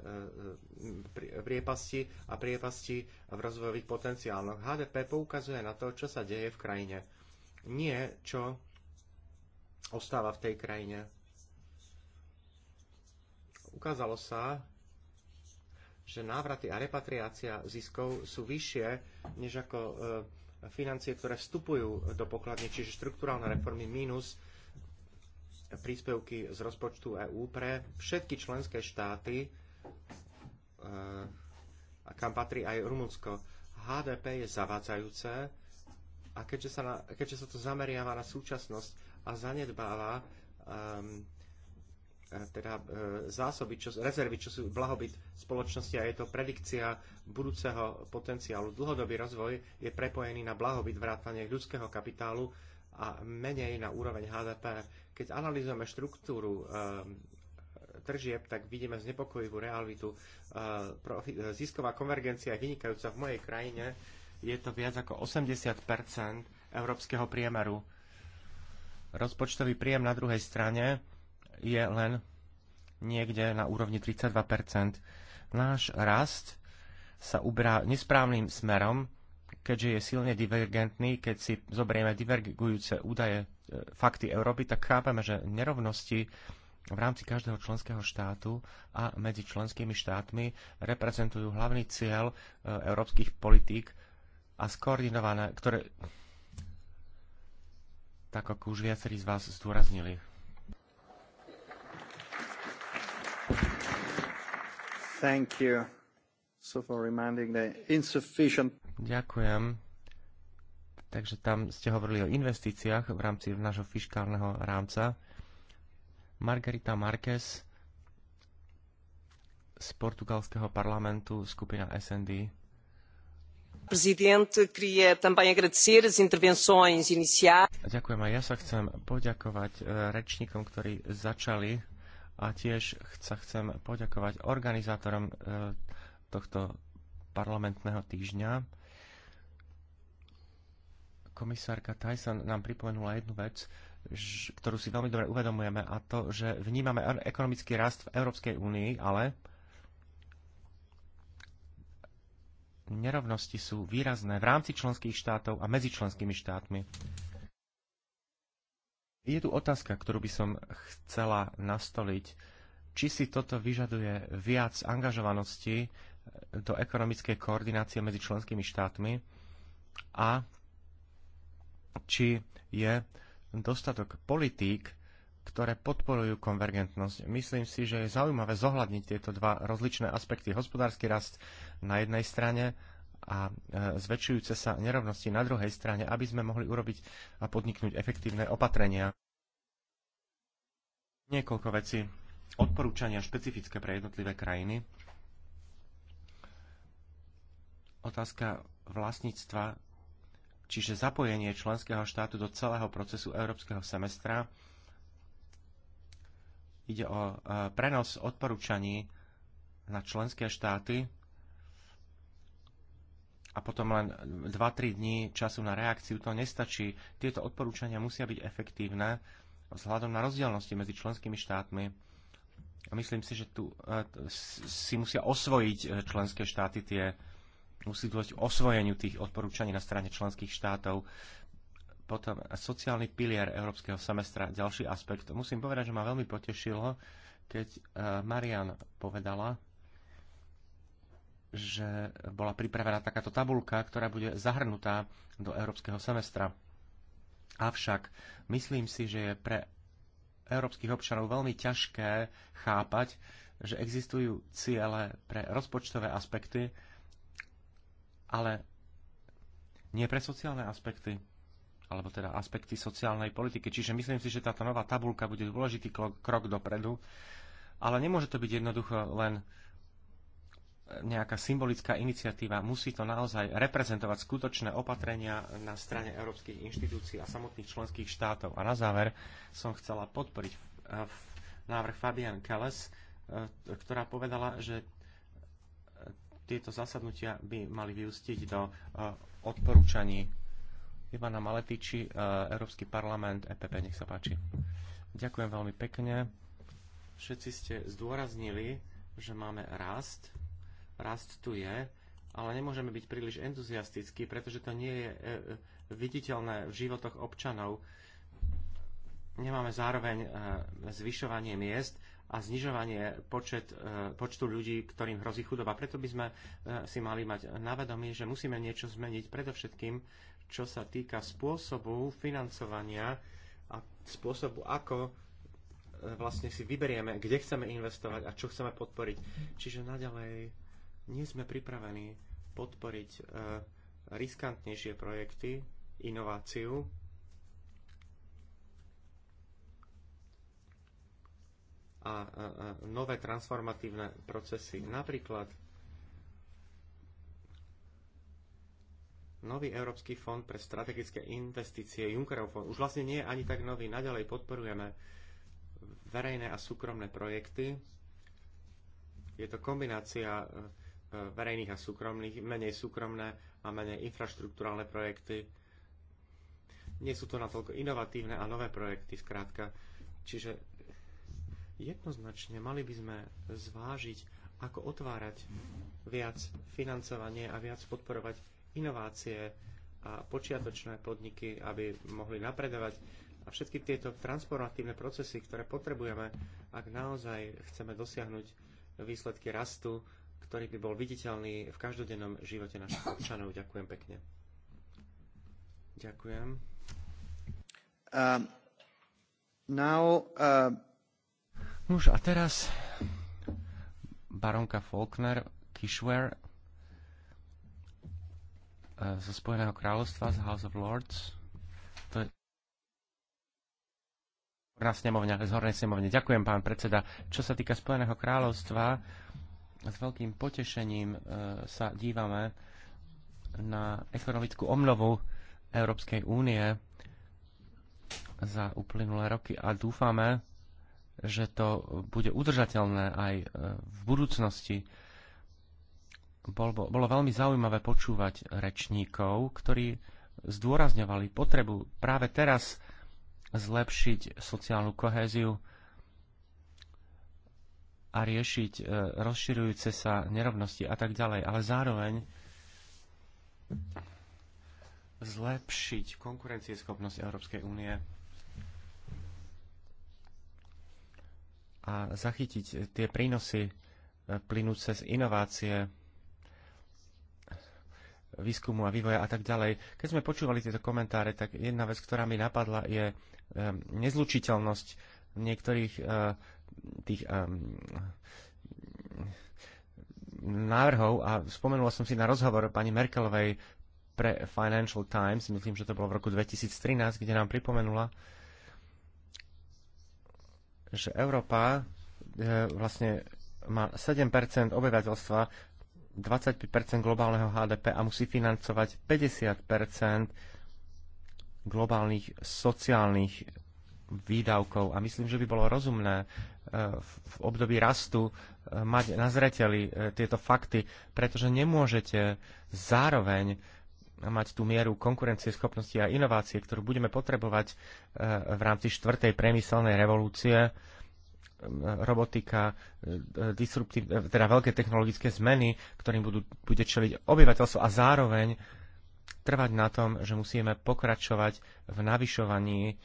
priepasti a priepasti v rozvojových potenciáloch. HDP poukazuje na to, čo sa deje v krajine. Nie, čo ostáva v tej krajine. Ukázalo sa, že návraty a repatriácia ziskov sú vyššie, než ako e, financie, ktoré vstupujú do pokladne, čiže štruktúrálne reformy mínus príspevky z rozpočtu EÚ pre všetky členské štáty, e, a kam patrí aj Rumunsko. HDP je zavádzajúce a keďže sa, na, keďže sa to zameriava na súčasnosť a zanedbáva um, teda e, zásoby, čo, rezervy, čo sú blahobyt spoločnosti a je to predikcia budúceho potenciálu. Dlhodobý rozvoj je prepojený na blahobyt vrátanie ľudského kapitálu, a menej na úroveň HDP. Keď analýzujeme štruktúru eh, tržieb, tak vidíme znepokojivú realitu. Eh, eh, zisková konvergencia je vynikajúca v mojej krajine. Je to viac ako 80 európskeho priemeru. Rozpočtový príjem na druhej strane je len niekde na úrovni 32 Náš rast sa uberá nesprávnym smerom keďže je silne divergentný, keď si zoberieme divergujúce údaje, e, fakty Európy, tak chápeme, že nerovnosti v rámci každého členského štátu a medzi členskými štátmi reprezentujú hlavný cieľ e, európskych politík a skoordinované, ktoré, tak ako už viacerí z vás zdôraznili. Thank you. So for reminding the insufficient... Ďakujem. Takže tam ste hovorili o investíciách v rámci nášho fiskálneho rámca. Margarita Marquez z portugalského parlamentu, skupina SND. Ďakujem a ja sa chcem poďakovať eh, rečníkom, ktorí začali a tiež sa chcem poďakovať organizátorom eh, tohto parlamentného týždňa. Komisárka Tyson nám pripomenula jednu vec, ktorú si veľmi dobre uvedomujeme, a to, že vnímame ekonomický rast v Európskej únii, ale nerovnosti sú výrazné v rámci členských štátov a medzi členskými štátmi. Je tu otázka, ktorú by som chcela nastoliť. Či si toto vyžaduje viac angažovanosti do ekonomickej koordinácie medzi členskými štátmi a či je dostatok politík, ktoré podporujú konvergentnosť. Myslím si, že je zaujímavé zohľadniť tieto dva rozličné aspekty. Hospodársky rast na jednej strane a e, zväčšujúce sa nerovnosti na druhej strane, aby sme mohli urobiť a podniknúť efektívne opatrenia. Niekoľko vecí. Odporúčania špecifické pre jednotlivé krajiny otázka vlastníctva, čiže zapojenie členského štátu do celého procesu európskeho semestra. Ide o e, prenos odporúčaní na členské štáty a potom len 2-3 dní času na reakciu. To nestačí. Tieto odporúčania musia byť efektívne vzhľadom na rozdielnosti medzi členskými štátmi. A myslím si, že tu e, si musia osvojiť e, členské štáty tie Musí dôjsť osvojeniu tých odporúčaní na strane členských štátov. Potom sociálny pilier európskeho semestra, ďalší aspekt. Musím povedať, že ma veľmi potešilo, keď e, Marian povedala, že bola pripravená takáto tabulka, ktorá bude zahrnutá do európskeho semestra. Avšak myslím si, že je pre európskych občanov veľmi ťažké chápať, že existujú ciele pre rozpočtové aspekty, ale nie pre sociálne aspekty, alebo teda aspekty sociálnej politiky. Čiže myslím si, že táto nová tabulka bude dôležitý krok dopredu, ale nemôže to byť jednoducho len nejaká symbolická iniciatíva. Musí to naozaj reprezentovať skutočné opatrenia na strane európskych inštitúcií a samotných členských štátov. A na záver som chcela podporiť eh, návrh Fabian Kelles, eh, ktorá povedala, že tieto zasadnutia by mali vyústiť do eh, odporúčaní. Ivana Maletiči, eh, Európsky parlament, EPP, nech sa páči. Ďakujem veľmi pekne. Všetci ste zdôraznili, že máme rast. Rast tu je, ale nemôžeme byť príliš entuziastickí, pretože to nie je eh, viditeľné v životoch občanov. Nemáme zároveň zvyšovanie miest, a znižovanie počet, e, počtu ľudí, ktorým hrozí chudoba. Preto by sme e, si mali mať na vedomí, že musíme niečo zmeniť predovšetkým, čo sa týka spôsobu financovania a spôsobu, ako e, vlastne si vyberieme, kde chceme investovať a čo chceme podporiť. Čiže naďalej nie sme pripravení podporiť riskantnejšie projekty, inováciu, a nové transformatívne procesy. Napríklad nový Európsky fond pre strategické investície, Junckerov fond, už vlastne nie je ani tak nový. Naďalej podporujeme verejné a súkromné projekty. Je to kombinácia e, e, verejných a súkromných, menej súkromné a menej infraštruktúrálne projekty. Nie sú to natoľko inovatívne a nové projekty, zkrátka. Čiže Jednoznačne mali by sme zvážiť, ako otvárať viac financovanie a viac podporovať inovácie a počiatočné podniky, aby mohli napredovať. A všetky tieto transformatívne procesy, ktoré potrebujeme, ak naozaj chceme dosiahnuť výsledky rastu, ktorý by bol viditeľný v každodennom živote našich občanov. Ďakujem pekne. Ďakujem. Um, now, uh... Nuž a teraz baronka Faulkner Kishware eh, zo Spojeného kráľovstva z House of Lords. To je na snemovňa, z hornej snemovne. Ďakujem, pán predseda. Čo sa týka Spojeného kráľovstva, s veľkým potešením e, sa dívame na ekonomickú omnovu Európskej únie za uplynulé roky a dúfame, že to bude udržateľné aj e, v budúcnosti. bolo veľmi zaujímavé počúvať rečníkov, ktorí zdôrazňovali potrebu práve teraz zlepšiť sociálnu kohéziu a riešiť e, rozširujúce sa nerovnosti a tak ďalej, ale zároveň zlepšiť konkurencieschopnosť Európskej únie a zachytiť tie prínosy e, plynúce z inovácie, výskumu a vývoja a tak ďalej. Keď sme počúvali tieto komentáre, tak jedna vec, ktorá mi napadla, je e, nezlučiteľnosť niektorých e, tých návrhov a spomenula som si na rozhovor pani Merkelovej pre Financial Times, myslím, že to bolo v roku 2013, kde nám pripomenula, že Európa e, vlastne má 7 obyvateľstva, 25 globálneho HDP a musí financovať 50 globálnych sociálnych výdavkov. A myslím, že by bolo rozumné e, v období rastu e, mať na zreteli tieto fakty, pretože nemôžete zároveň mať tú mieru konkurencie, schopnosti a inovácie, ktorú budeme potrebovať e, v rámci štvrtej priemyselnej revolúcie, e, robotika, e, teda veľké technologické zmeny, ktorým budú, bude čeliť obyvateľstvo a zároveň trvať na tom, že musíme pokračovať v navyšovaní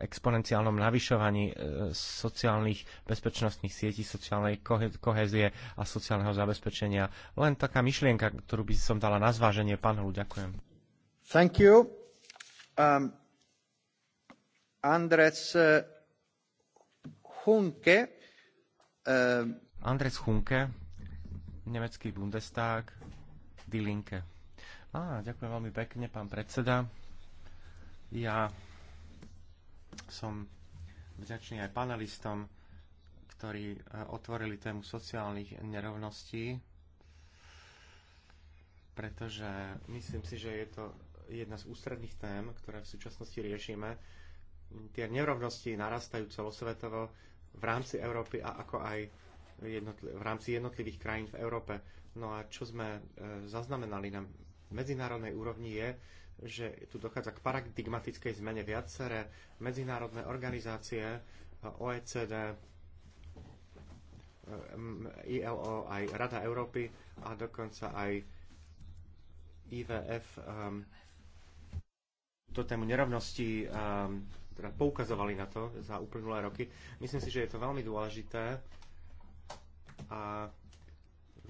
exponenciálnom navyšovaní e, sociálnych bezpečnostných sietí, sociálnej kohézie a sociálneho zabezpečenia. Len taká myšlienka, ktorú by som dala na zváženie. Pán Hlu, ďakujem. Thank you. Um, Andres uh, Hunke. Uh, Andres Hunke, nemecký Bundestag, Die Linke. Á, ďakujem veľmi pekne, pán predseda. Ja som vďačný aj panelistom, ktorí e, otvorili tému sociálnych nerovností, pretože myslím si, že je to jedna z ústredných tém, ktoré v súčasnosti riešime. Tie nerovnosti narastajú celosvetovo v rámci Európy a ako aj v rámci jednotlivých krajín v Európe. No a čo sme e, zaznamenali na medzinárodnej úrovni je, že tu dochádza k paradigmatickej zmene viaceré medzinárodné organizácie, OECD, ILO, aj Rada Európy a dokonca aj IVF um, ehm, to tému nerovnosti um, ehm, teda poukazovali na to za uplynulé roky. Myslím si, že je to veľmi dôležité a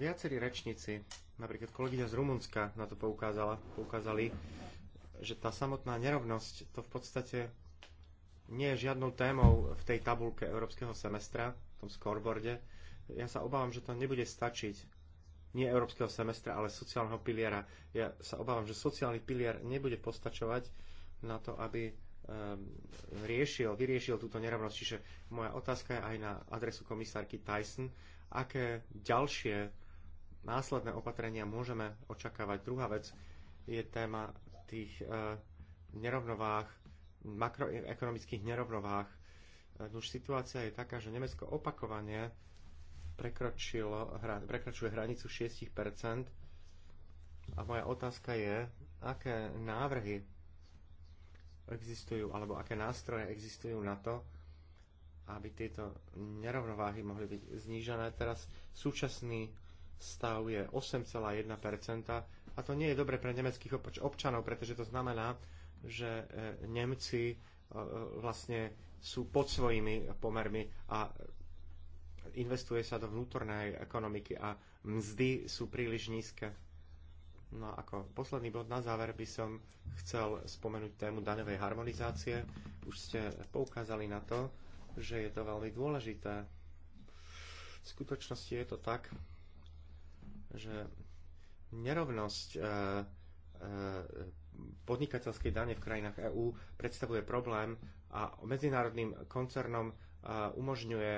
viacerí rečníci, napríklad kolegyňa z Rumunska na to poukázala, poukázali, že tá samotná nerovnosť to v podstate nie je žiadnou témou v tej tabulke európskeho semestra, v tom scoreboarde. Ja sa obávam, že to nebude stačiť. Nie európskeho semestra, ale sociálneho piliera. Ja sa obávam, že sociálny pilier nebude postačovať na to, aby ehm, riešil, vyriešil túto nerovnosť. Čiže moja otázka je aj na adresu komisárky Tyson, aké ďalšie následné opatrenia môžeme očakávať. Druhá vec je téma tých eh, nerovnovách, makroekonomických nerovnovách. Eh, Už situácia je taká, že Nemecko opakovane prekročilo, prekračuje hranicu 6 a moja otázka je, aké návrhy existujú, alebo aké nástroje existujú na to, aby tieto nerovnováhy mohli byť znížené. Teraz súčasný stav je 8,1% a to nie je dobre pre nemeckých občanov, pretože to znamená, že e, Nemci e, e, vlastne sú pod svojimi pomermi a investuje sa do vnútornej ekonomiky a mzdy sú príliš nízke. No a ako posledný bod na záver by som chcel spomenúť tému daňovej harmonizácie. Už ste poukázali na to, že je to veľmi dôležité. V skutočnosti je to tak, že nerovnosť e, e, podnikateľskej dane v krajinách EÚ predstavuje problém a medzinárodným koncernom e, umožňuje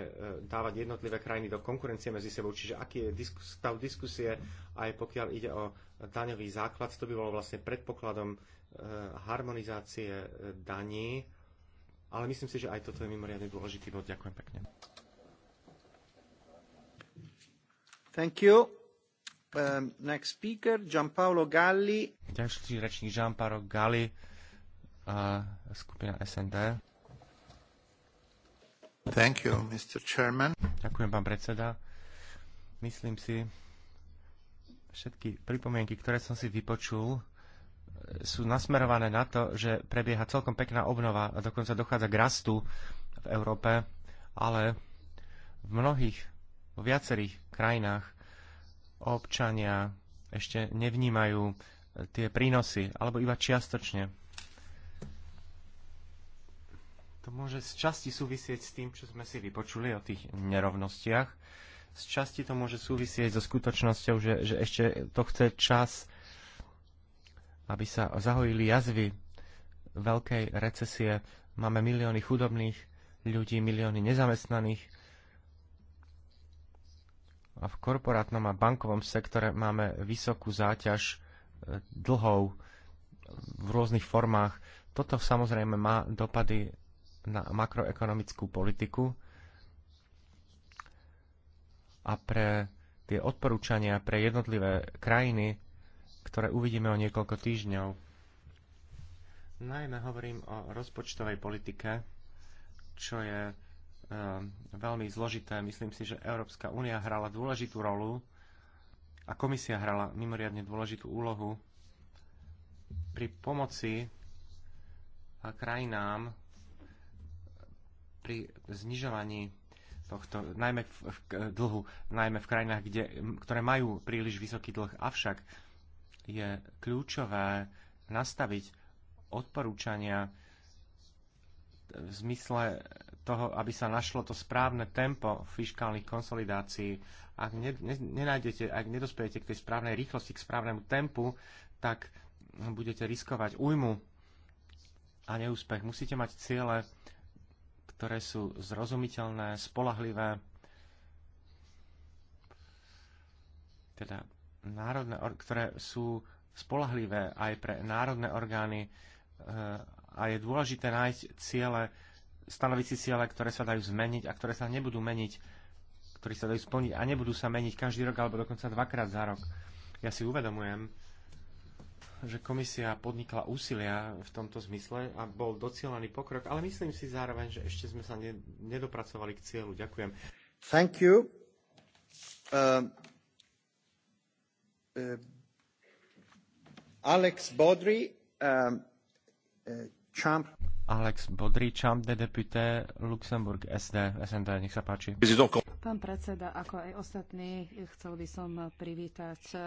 dávať jednotlivé krajiny do konkurencie medzi sebou. Čiže aký je diskus, stav diskusie, aj pokiaľ ide o daňový základ, to by bolo vlastne predpokladom harmonizácie daní. Ale myslím si, že aj toto je mimoriadne dôležitý bod. Ďakujem pekne. Thank you. Um, next speaker, Gianpaolo Galli. Ďalší rečník Gianpaolo Galli, uh, skupina SND. Thank you, Mr. Chairman. Ďakujem, pán predseda. Myslím si, všetky pripomienky, ktoré som si vypočul, e, sú nasmerované na to, že prebieha celkom pekná obnova a dokonca dochádza k rastu v Európe, ale v mnohých, vo viacerých krajinách občania ešte nevnímajú e, tie prínosy, alebo iba čiastočne. To môže z časti súvisieť s tým, čo sme si vypočuli o tých nerovnostiach. Z časti to môže súvisieť so skutočnosťou, že, že ešte to chce čas, aby sa zahojili jazvy veľkej recesie. Máme milióny chudobných ľudí, milióny nezamestnaných a v korporátnom a bankovom sektore máme vysokú záťaž e, dlhov e, v rôznych formách. Toto samozrejme má dopady na makroekonomickú politiku a pre tie odporúčania pre jednotlivé krajiny, ktoré uvidíme o niekoľko týždňov. Najmä hovorím o rozpočtovej politike, čo je Ehm, veľmi zložité. Myslím si, že Európska únia hrala dôležitú rolu a komisia hrala mimoriadne dôležitú úlohu pri pomoci krajinám pri znižovaní tohto, najmä v, v, dlhu, najmä v krajinách, kde, ktoré majú príliš vysoký dlh. Avšak je kľúčové nastaviť odporúčania v zmysle toho, aby sa našlo to správne tempo fiskálnych konsolidácií. Ak ne, ne, nenájdete, ak nedospejete k tej správnej rýchlosti, k správnemu tempu, tak budete riskovať újmu a neúspech. Musíte mať ciele, ktoré sú zrozumiteľné, spolahlivé. Teda národné, ktoré sú spolahlivé aj pre národné orgány eh, a je dôležité nájsť ciele, stanoviť si ciele, ktoré sa dajú zmeniť a ktoré sa nebudú meniť, ktoré sa dajú splniť a nebudú sa meniť každý rok alebo dokonca dvakrát za rok. Ja si uvedomujem, že komisia podnikla úsilia v tomto zmysle a bol docielaný pokrok, ale myslím si zároveň, že ešte sme sa ne, nedopracovali k cieľu. Ďakujem. Thank you. Uh, uh, Alex Bodry, um, uh, Alex Bodričam, de deputé Luxemburg SD, SND, nech sa páči. Pán predseda, ako aj ostatní, chcel by som privítať eh,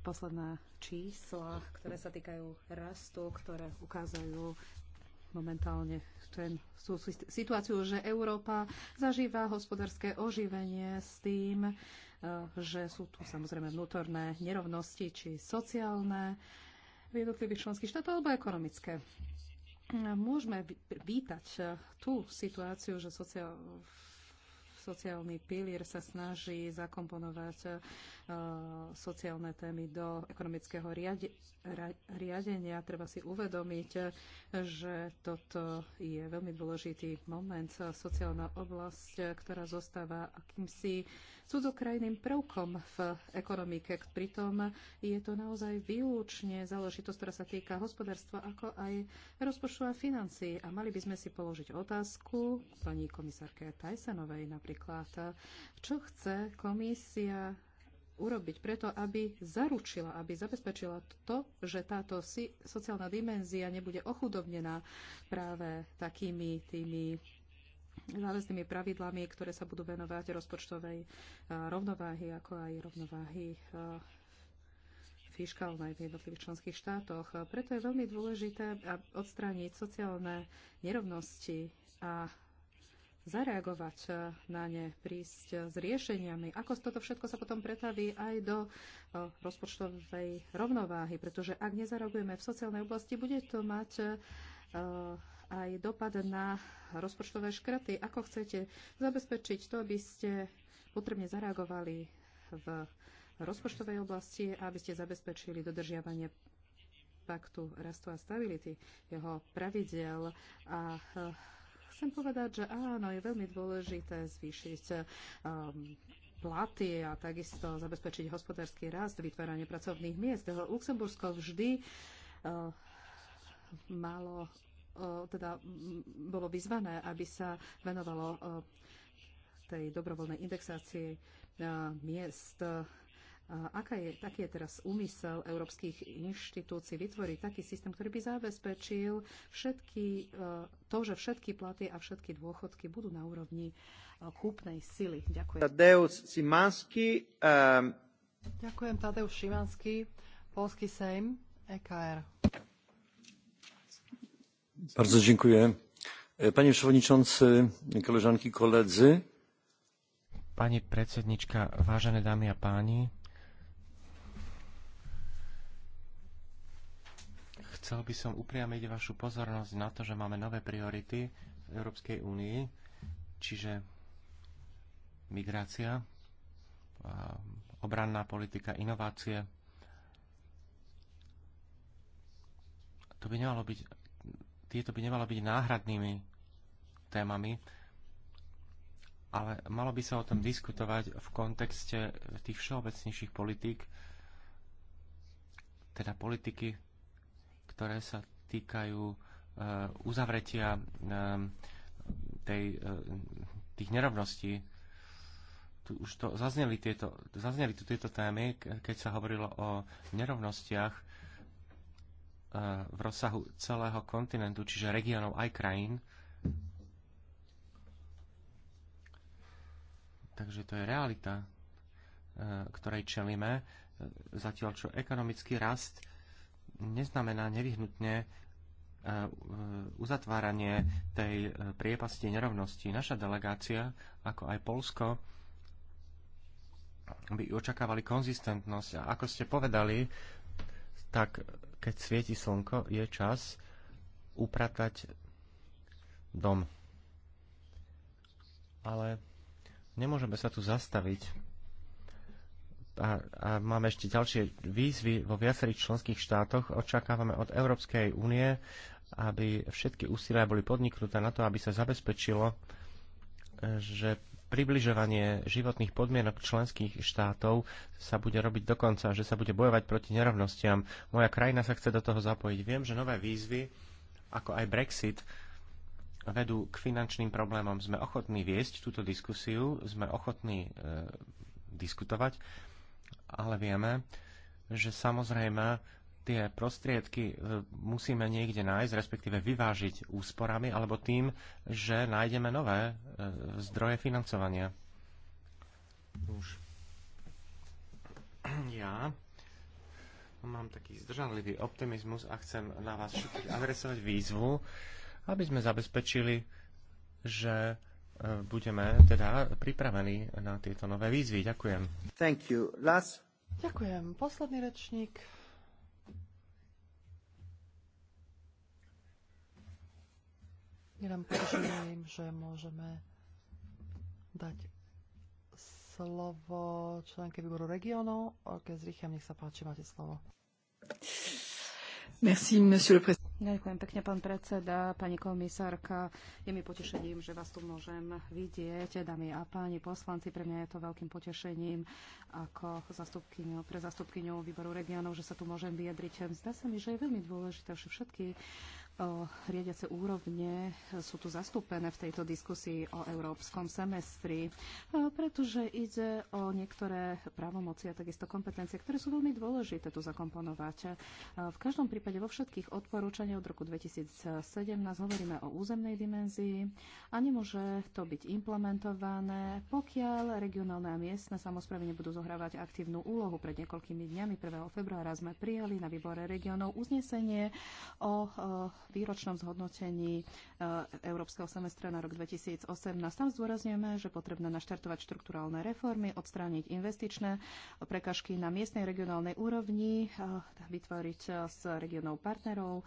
posledná čísla, ktoré sa týkajú rastu, ktoré ukázajú momentálne ten, sú situáciu, že Európa zažíva hospodárske oživenie s tým, eh, že sú tu samozrejme vnútorné nerovnosti, či sociálne v jednotlivých členských štátoch alebo ekonomické. Môžeme vítať eh, tú situáciu, že sociál, sociálny pilier sa snaží zakomponovať e, sociálne témy do ekonomického riadenia. Treba si uvedomiť, e, že toto je veľmi dôležitý moment. E, sociálna oblasť, ktorá zostáva akýmsi cudzokrajným prvkom v ekonomike. Pritom je to naozaj výlučne záležitosť, ktorá sa týka hospodárstva ako aj rozpočtu a financií. A mali by sme si položiť otázku pani komisárke Tysonovej napríklad napríklad. Čo chce komisia urobiť preto, aby zaručila, aby zabezpečila to, že táto si, sociálna dimenzia nebude ochudobnená práve takými tými záväznými pravidlami, ktoré sa budú venovať rozpočtovej e, rovnováhy, ako aj rovnováhy e, fiskálnej v jednotlivých členských štátoch. Preto je veľmi dôležité odstrániť sociálne nerovnosti a zareagovať na ne, prísť s riešeniami. Ako toto všetko sa potom pretaví aj do rozpočtovej rovnováhy, pretože ak nezareagujeme v sociálnej oblasti, bude to mať aj dopad na rozpočtové škraty. Ako chcete zabezpečiť to, aby ste potrebne zareagovali v rozpočtovej oblasti, aby ste zabezpečili dodržiavanie paktu rastu a stability, jeho pravidel a Chcem povedať, že áno, je veľmi dôležité zvýšiť um, platy a takisto zabezpečiť hospodársky rast, vytváranie pracovných miest. Luxembursko vždy uh, malo, uh, teda bolo vyzvané, aby sa venovalo uh, tej dobrovoľnej uh, miest Aká je, taký je teraz úmysel európskych inštitúcií vytvoriť taký systém, ktorý by zabezpečil všetky, e, to, že všetky platy a všetky dôchodky budú na úrovni e, kúpnej sily? Ďakujem. Tadeusz Szymanski. Um... Ďakujem, Tadeusz Szymanski, Polský Sejm, EKR. Bardzo dziękuję. E, panie przewodniczący, koleżanki, koledzy. Pani predsednička, vážené dámy a páni, Chcel by som upriamiť vašu pozornosť na to, že máme nové priority v Európskej únii, čiže migrácia, obranná politika, inovácie. To by nemalo byť, tieto by nemalo byť náhradnými témami, ale malo by sa o tom diskutovať v kontexte tých všeobecnejších politík, teda politiky ktoré sa týkajú e, uzavretia e, tej, e, tých nerovností. Tu už to zazneli, tieto, zazneli tu tieto témy, keď sa hovorilo o nerovnostiach v rozsahu celého kontinentu, čiže regiónov aj krajín. Takže to je realita, ktorej čelíme. Zatiaľ čo ekonomický rast neznamená nevyhnutne e, e, uzatváranie tej e, priepasti nerovnosti. Naša delegácia, ako aj Polsko, by očakávali konzistentnosť. A ako ste povedali, tak keď svieti slnko, je čas upratať dom. Ale nemôžeme sa tu zastaviť a, a máme ešte ďalšie výzvy vo viacerých členských štátoch. Očakávame od Európskej únie, aby všetky úsilia boli podniknuté na to, aby sa zabezpečilo, že približovanie životných podmienok členských štátov sa bude robiť dokonca, že sa bude bojovať proti nerovnostiam. Moja krajina sa chce do toho zapojiť. Viem, že nové výzvy, ako aj Brexit, vedú k finančným problémom. Sme ochotní viesť túto diskusiu, sme ochotní e, diskutovať ale vieme, že samozrejme tie prostriedky e, musíme niekde nájsť, respektíve vyvážiť úsporami alebo tým, že nájdeme nové e, zdroje financovania. Už. Ja mám taký zdržanlivý optimizmus a chcem na vás všetkých adresovať výzvu, aby sme zabezpečili, že e, budeme teda pripravení na tieto nové výzvy. Ďakujem. Thank you. Last Ďakujem. Posledný rečník. Ja vám požijem, že môžeme dať slovo členke výboru regionu. Orke z Richa, nech sa páči, máte slovo. Merci, monsieur le président. Ďakujem pekne, pán predseda, pani komisárka. Je mi potešením, že vás tu môžem vidieť, dámy a páni poslanci. Pre mňa je to veľkým potešením ako zastupkyňu, pre zastupkyňu výboru regionov, že sa tu môžem vyjadriť. Zdá sa mi, že je veľmi dôležité, že všetky riadiace úrovne sú tu zastúpené v tejto diskusii o európskom semestri, pretože ide o niektoré právomoci a takisto kompetencie, ktoré sú veľmi dôležité tu zakomponovať. V každom prípade vo všetkých odporúčaniach od roku 2017 hovoríme o územnej dimenzii a nemôže to byť implementované, pokiaľ regionálne a miestne samozprávy nebudú zohrávať aktívnu úlohu. Pred niekoľkými dňami 1. februára sme prijali na výbore regionov uznesenie o výročnom zhodnotení e, Európskeho semestra na rok 2018. Tam zdôrazňujeme, že potrebné naštartovať štruktúrálne reformy, odstrániť investičné prekažky na miestnej regionálnej úrovni, e, vytvoriť e, s regionou partnerov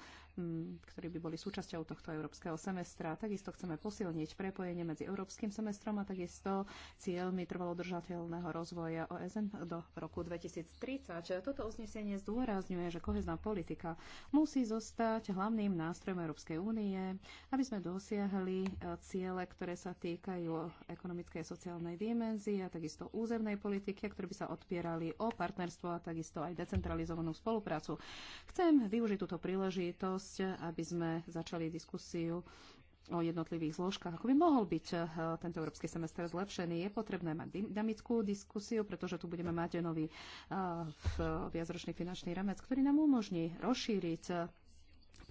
ktorí by boli súčasťou tohto európskeho semestra. Takisto chceme posilniť prepojenie medzi európskym semestrom a takisto cieľmi trvalodržateľného rozvoja OSN do roku 2030. Toto uznesenie zdôrazňuje, že kohezná politika musí zostať hlavným nástrojom Európskej únie, aby sme dosiahli e, ciele, ktoré sa týkajú ekonomickej a sociálnej dimenzie a takisto územnej politiky, ktoré by sa odpierali o partnerstvo a takisto aj decentralizovanú spoluprácu. Chcem využiť túto príležitosť možnosť, aby sme začali diskusiu o jednotlivých zložkách. Ako by mohol byť eh, tento európsky semester zlepšený, je potrebné mať dynamickú diskusiu, pretože tu budeme mať nový eh, viacročný finančný ramec, ktorý nám umožní rozšíriť eh,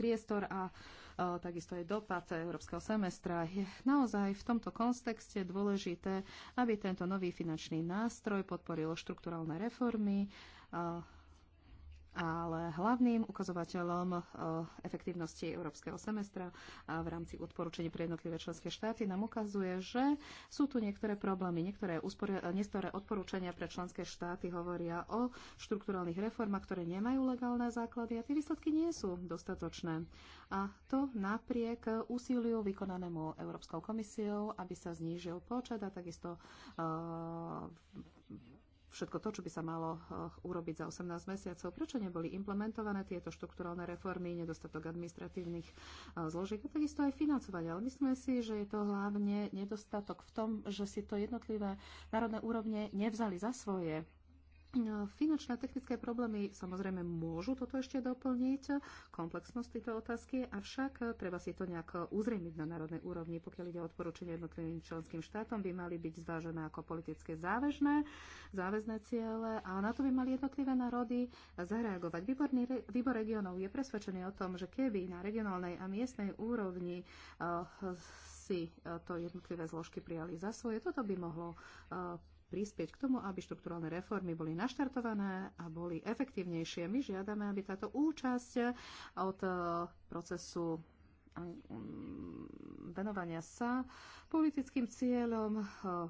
priestor a takisto aj dopad európskeho semestra. Je naozaj v tomto kontexte dôležité, aby tento nový finančný nástroj podporil štrukturálne reformy, ale hlavným ukazovateľom eh, efektívnosti európskeho semestra v rámci odporúčení pre jednotlivé členské štáty nám ukazuje, že sú tu niektoré problémy. Niektoré, uspori- eh, niektoré odporúčania pre členské štáty hovoria o štruktúrálnych reformách, ktoré nemajú legálne základy a tie výsledky nie sú dostatočné. A to napriek úsiliu vykonanému Európskou komisiou, aby sa znížil počet a takisto uh, všetko to, čo by sa malo eh, urobiť za 18 mesiacov. Prečo neboli implementované tieto štruktúralne reformy, nedostatok administratívnych eh, zložiek a takisto aj financovania. Ale myslíme si, že je to hlavne nedostatok v tom, že si to jednotlivé národné úrovne nevzali za svoje Finančné a technické problémy samozrejme môžu toto ešte doplniť, komplexnosť tejto otázky, avšak eh, treba si to nejak eh, uzrejmiť na národnej úrovni, pokiaľ ide o odporúčanie jednotlivým členským štátom, by mali byť zvážené ako politické záväžné, záväzné ciele a na to by mali jednotlivé národy zareagovať. Výborný, výbor regionov je presvedčený o tom, že keby na regionálnej a miestnej úrovni uh, si e, to jednotlivé zložky prijali za svoje. Toto by mohlo e, prispieť k tomu, aby štruktúralne reformy boli naštartované a boli efektívnejšie. My žiadame, aby táto účasť od e, procesu Mm, venovania sa politickým cieľom e,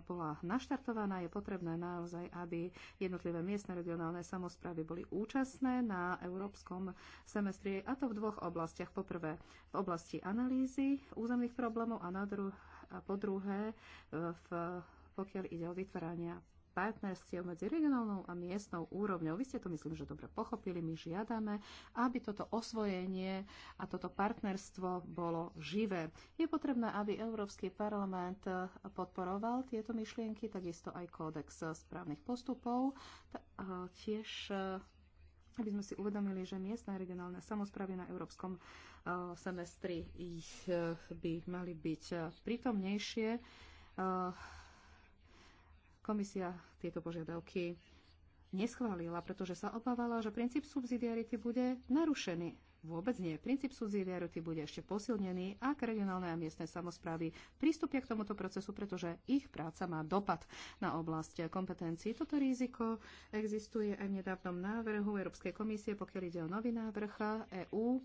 bola naštartovaná. Je potrebné naozaj, aby jednotlivé miestne regionálne samozprávy boli účastné na európskom semestri a to v dvoch oblastiach. Poprvé v oblasti analýzy územných problémov a, na dru- a po druhé e, v, pokiaľ ide o vytvárania partnerstiev medzi regionálnou a miestnou úrovňou. Vy ste to, myslím, že dobre pochopili. My žiadame, aby toto osvojenie a toto partnerstvo bolo živé. Je potrebné, aby Európsky parlament podporoval tieto myšlienky, takisto aj kódex správnych postupov. Tiež eh, aby sme si uvedomili, že miestne a regionálne samozprávy na európskom eh, semestri ich eh, by mali byť prítomnejšie Komisia tieto požiadavky neschválila, pretože sa obávala, že princíp subsidiarity bude narušený. Vôbec nie. Princíp subsidiarity bude ešte posilnený, ak regionálne a miestne samozprávy prístupia k tomuto procesu, pretože ich práca má dopad na oblasť kompetencií. Toto riziko existuje aj v nedávnom návrhu Európskej komisie, pokiaľ ide o nový návrh EÚ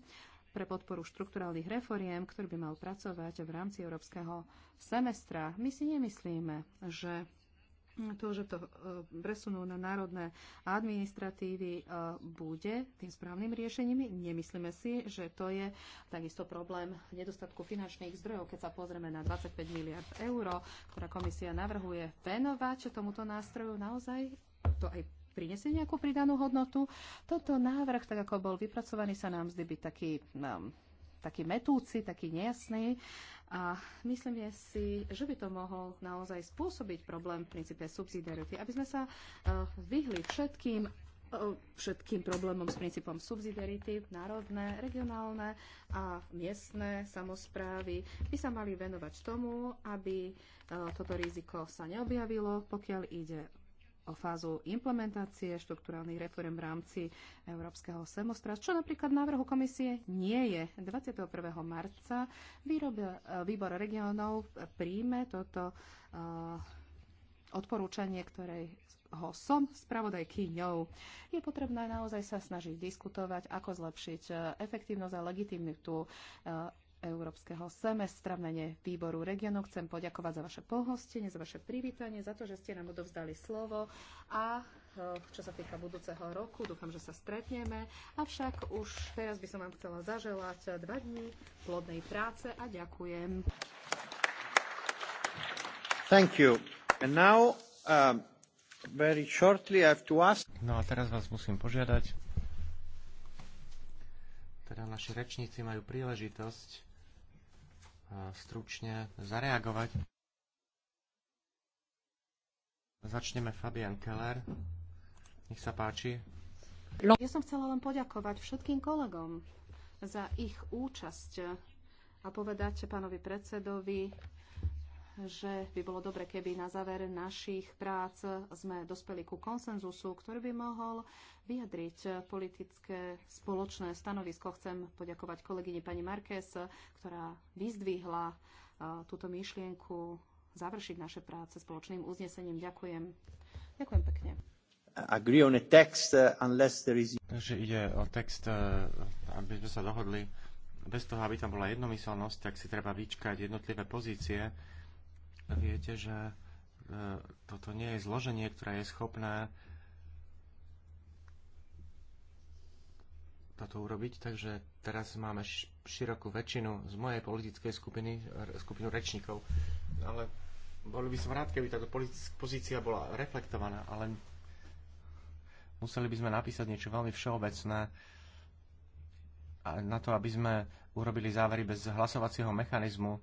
pre podporu štrukturálnych reforiem, ktorý by mal pracovať v rámci európskeho semestra. My si nemyslíme, že to, že to e, presunú na národné administratívy, e, bude tým správnym riešením. Nemyslíme si, že to je takisto problém nedostatku finančných zdrojov, keď sa pozrieme na 25 miliard eur, ktorá komisia navrhuje venovať tomuto nástroju. Naozaj to aj prinesie nejakú pridanú hodnotu. Toto návrh, tak ako bol vypracovaný, sa nám zdy byť taký, um, taký metúci, taký nejasný a myslím si, že by to mohol naozaj spôsobiť problém v princípe subsidiarity, aby sme sa e, vyhli všetkým e, všetkým problémom s princípom subsidiarity, národné, regionálne a miestne samozprávy by sa mali venovať tomu, aby e, toto riziko sa neobjavilo, pokiaľ ide o fázu implementácie štruktúrálnych reform v rámci Európskeho semestra, čo napríklad návrhu komisie nie je. 21. marca výrobe, výbor regionov príjme toto uh, odporúčanie, ktoré ho som spravodajkyňou. Je potrebné naozaj sa snažiť diskutovať, ako zlepšiť e, efektívnosť a legitimitu e, európskeho semestra v mene výboru regionu. Chcem poďakovať za vaše pohostenie, za vaše privítanie, za to, že ste nám odovzdali slovo a e, čo sa týka budúceho roku, dúfam, že sa stretneme. Avšak už teraz by som vám chcela zaželať dva dní plodnej práce a ďakujem. Thank you. And now, um, very shortly I have to ask... No a teraz vás musím požiadať, teda naši rečníci majú príležitosť stručne zareagovať. Začneme Fabian Keller. Nech sa páči. Ja som chcela len poďakovať všetkým kolegom za ich účasť a povedať pánovi predsedovi, že by bolo dobre, keby na záver našich prác sme dospeli ku konsenzusu, ktorý by mohol vyjadriť politické spoločné stanovisko. Chcem poďakovať kolegyni pani Marques, ktorá vyzdvihla e, túto myšlienku završiť naše práce spoločným uznesením. Ďakujem. Ďakujem pekne. Agree on a text, uh, unless there is... Takže ide o text, uh, aby sme sa dohodli. Bez toho, aby tam bola jednomyselnosť, tak si treba vyčkať jednotlivé pozície Viete, že e, toto nie je zloženie, ktoré je schopné toto urobiť, takže teraz máme širokú väčšinu z mojej politickej skupiny, e, skupinu rečníkov, ale boli by som rád, keby táto pozícia bola reflektovaná, ale museli by sme napísať niečo veľmi všeobecné na to, aby sme urobili závery bez hlasovacieho mechanizmu,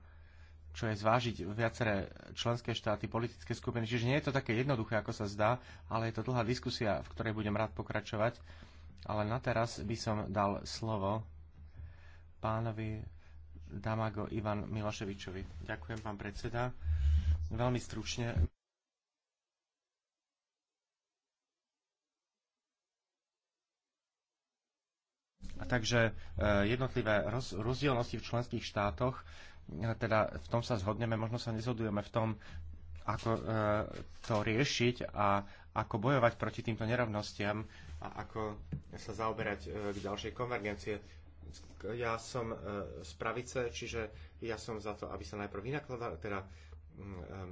čo je zvážiť viaceré členské štáty, politické skupiny. Čiže nie je to také jednoduché, ako sa zdá, ale je to dlhá diskusia, v ktorej budem rád pokračovať. Ale na teraz by som dal slovo pánovi Damago Ivan Miloševičovi. Ďakujem, pán predseda. Veľmi stručne. A takže e, jednotlivé rozdielnosti v členských štátoch teda v tom sa zhodneme, možno sa nezhodujeme v tom, ako e, to riešiť a ako bojovať proti týmto nerovnostiam a ako sa zaoberať e, k ďalšej konvergencie. Ja som e, z pravice, čiže ja som za to, aby sa najprv vynakladal, teda mm,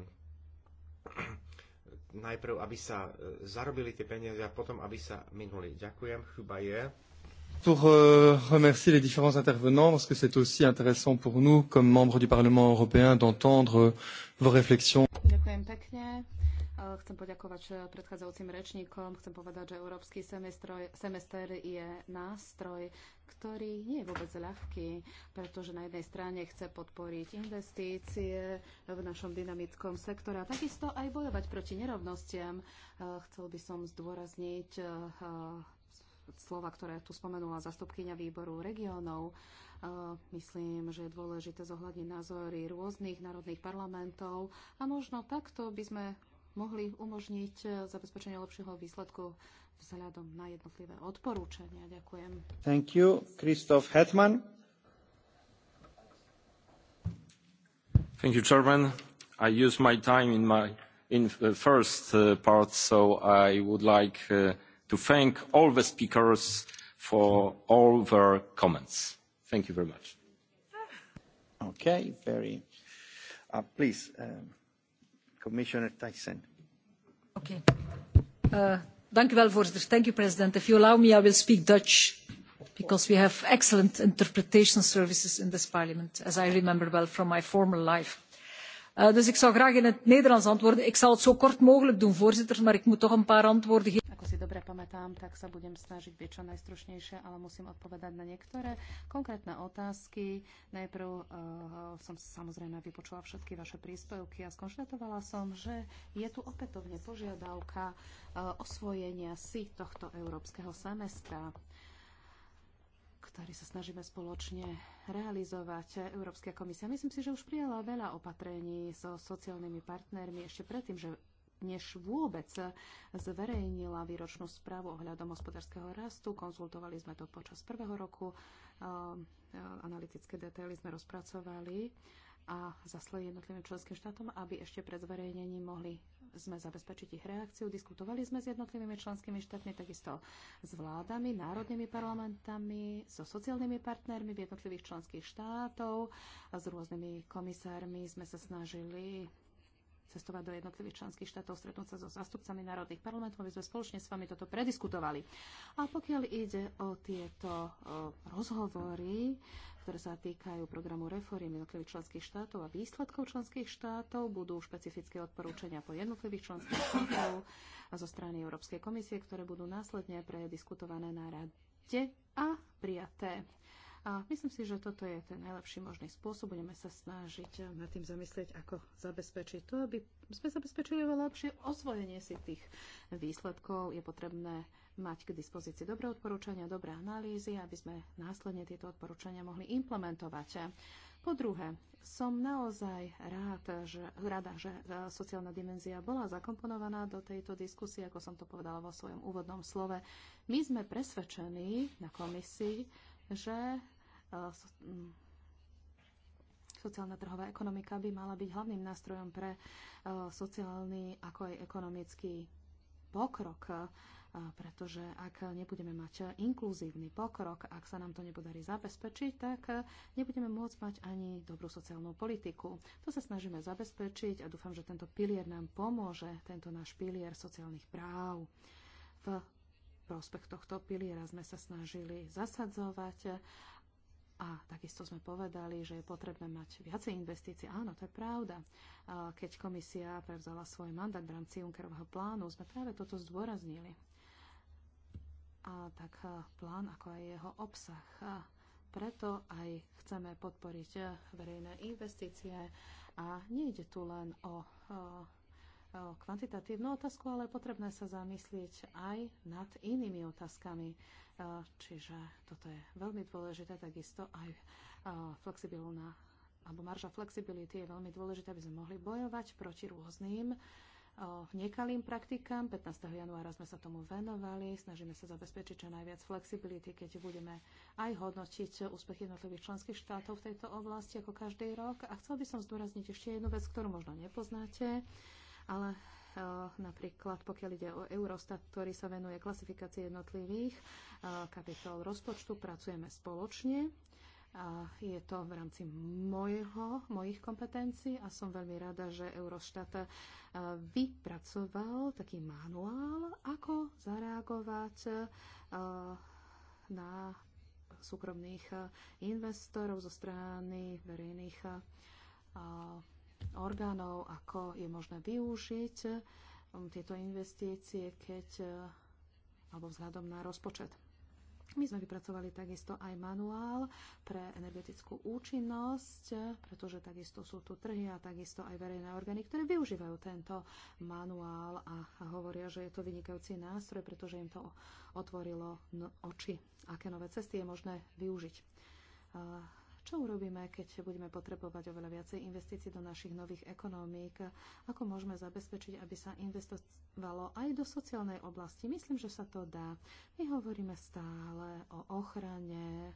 najprv, aby sa zarobili tie peniaze a potom, aby sa minuli. Ďakujem, chyba je pour euh, remercier les différents intervenants, parce que c'est aussi intéressant pour nous, comme membres du Parlement européen, d'entendre vos réflexions. Chcem poďakovať eh, predchádzajúcim rečníkom. Chcem povedať, že európsky semestr, semester je nástroj, ktorý nie je vôbec ľahký, pretože na jednej strane chce podporiť investície v našom dynamickom sektore a takisto aj bojovať proti nerovnostiam. Eh, chcel by som zdôrazniť eh, slova, ktoré tu spomenula zastupkynia výboru regiónov. E, myslím, že je dôležité zohľadniť názory rôznych národných parlamentov a možno takto by sme mohli umožniť zabezpečenie lepšieho výsledku vzhľadom na jednotlivé odporúčania. Ďakujem. Thank you. Christoph Hetman. Thank you, Chairman. I use my time in my in the uh, first uh, part, so I would like uh, to thank all the speakers for all their comments. Thank you very much. Okay, very. Uh, please, um, Commissioner Tyson. Okay. Uh, dank u wel, voorzitter. Thank you, President. If you allow me, I will speak Dutch because we have excellent interpretation services in this parliament, as I remember well from my former life. Uh, dus ik zou graag in het Nederlands antwoorden. Ik zal het zo kort mogelijk doen, voorzitter, maar ik moet toch een paar antwoorden geven si dobre pamätám, tak sa budem snažiť byť čo najstrušnejšie, ale musím odpovedať na niektoré konkrétne otázky. Najprv uh, som samozrejme vypočula všetky vaše príspevky a skonštatovala som, že je tu opätovne požiadavka uh, osvojenia si tohto európskeho semestra ktorý sa snažíme spoločne realizovať Európska komisia. Myslím si, že už prijala veľa opatrení so sociálnymi partnermi ešte predtým, že než vôbec zverejnila výročnú správu ohľadom hospodárskeho rastu. Konzultovali sme to počas prvého roku. Ehm, ehm, analytické detaily sme rozpracovali a zaslali jednotlivým členským štátom, aby ešte pred zverejnením mohli sme zabezpečiť ich reakciu. Diskutovali sme s jednotlivými členskými štátmi, takisto s vládami, národnými parlamentami, so sociálnymi partnermi v jednotlivých členských štátov, a s rôznymi komisármi sme sa snažili cestovať do jednotlivých členských štátov, stretnúť sa so zástupcami národných parlamentov, aby sme spoločne s vami toto prediskutovali. A pokiaľ ide o tieto rozhovory, ktoré sa týkajú programu reforiem jednotlivých členských štátov a výsledkov členských štátov, budú špecifické odporúčania po jednotlivých členských štátov a zo strany Európskej komisie, ktoré budú následne prediskutované na rade a prijaté. A myslím si, že toto je ten najlepší možný spôsob. Budeme sa snažiť eh, nad tým zamyslieť, ako zabezpečiť to, aby sme zabezpečili veľa lepšie osvojenie si tých výsledkov. Je potrebné mať k dispozícii dobré odporúčania, dobré analýzy, aby sme následne tieto odporúčania mohli implementovať. Po druhé, som naozaj rád, že, rada, že eh, sociálna dimenzia bola zakomponovaná do tejto diskusie, ako som to povedala vo svojom úvodnom slove. My sme presvedčení na komisii, že Eh, mm, sociálna trhová ekonomika by mala byť hlavným nástrojom pre eh, sociálny ako aj ekonomický pokrok, eh, pretože ak nebudeme mať inkluzívny pokrok, ak sa nám to nepodarí zabezpečiť, tak nebudeme môcť mať ani dobrú sociálnu politiku. To sa snažíme zabezpečiť a dúfam, že tento pilier nám pomôže, tento náš pilier sociálnych práv. V prospech tohto piliera sme sa snažili zasadzovať a takisto sme povedali, že je potrebné mať viacej investícií. Áno, to je pravda. Keď komisia prevzala svoj mandát v rámci Junckerovho plánu, sme práve toto zdôraznili. A tak e, plán, ako aj jeho obsah. A preto aj chceme podporiť e, verejné investície. A nejde tu len o e, kvantitatívnu otázku, ale potrebné sa zamyslieť aj nad inými otázkami. E, čiže toto je veľmi dôležité, takisto aj e, flexibilná alebo marža flexibility je veľmi dôležité, aby sme mohli bojovať proti rôznym e, nekalým praktikám. 15. januára sme sa tomu venovali, snažíme sa zabezpečiť čo najviac flexibility, keď budeme aj hodnotiť úspechy jednotlivých členských štátov v tejto oblasti ako každý rok. A chcel by som zdôrazniť ešte jednu vec, ktorú možno nepoznáte ale eh, napríklad pokiaľ ide o Eurostat, ktorý sa venuje klasifikácii jednotlivých eh, kapitol rozpočtu, pracujeme spoločne. A je to v rámci mojho, mojich kompetencií a som veľmi rada, že Eurostat eh, vypracoval taký manuál, ako zareagovať na súkromných investorov zo strany verejných orgánov, ako je možné využiť um, tieto investície, keď uh, alebo vzhľadom na rozpočet. My sme vypracovali takisto aj manuál pre energetickú účinnosť, pretože takisto sú tu trhy a takisto aj verejné orgány, ktoré využívajú tento manuál a hovoria, že je to vynikajúci nástroj, pretože im to otvorilo no, oči, aké nové cesty je možné využiť. Uh, čo urobíme, keď budeme potrebovať oveľa viacej investícií do našich nových ekonomík? Ako môžeme zabezpečiť, aby sa investovalo aj do sociálnej oblasti? Myslím, že sa to dá. My hovoríme stále o ochrane,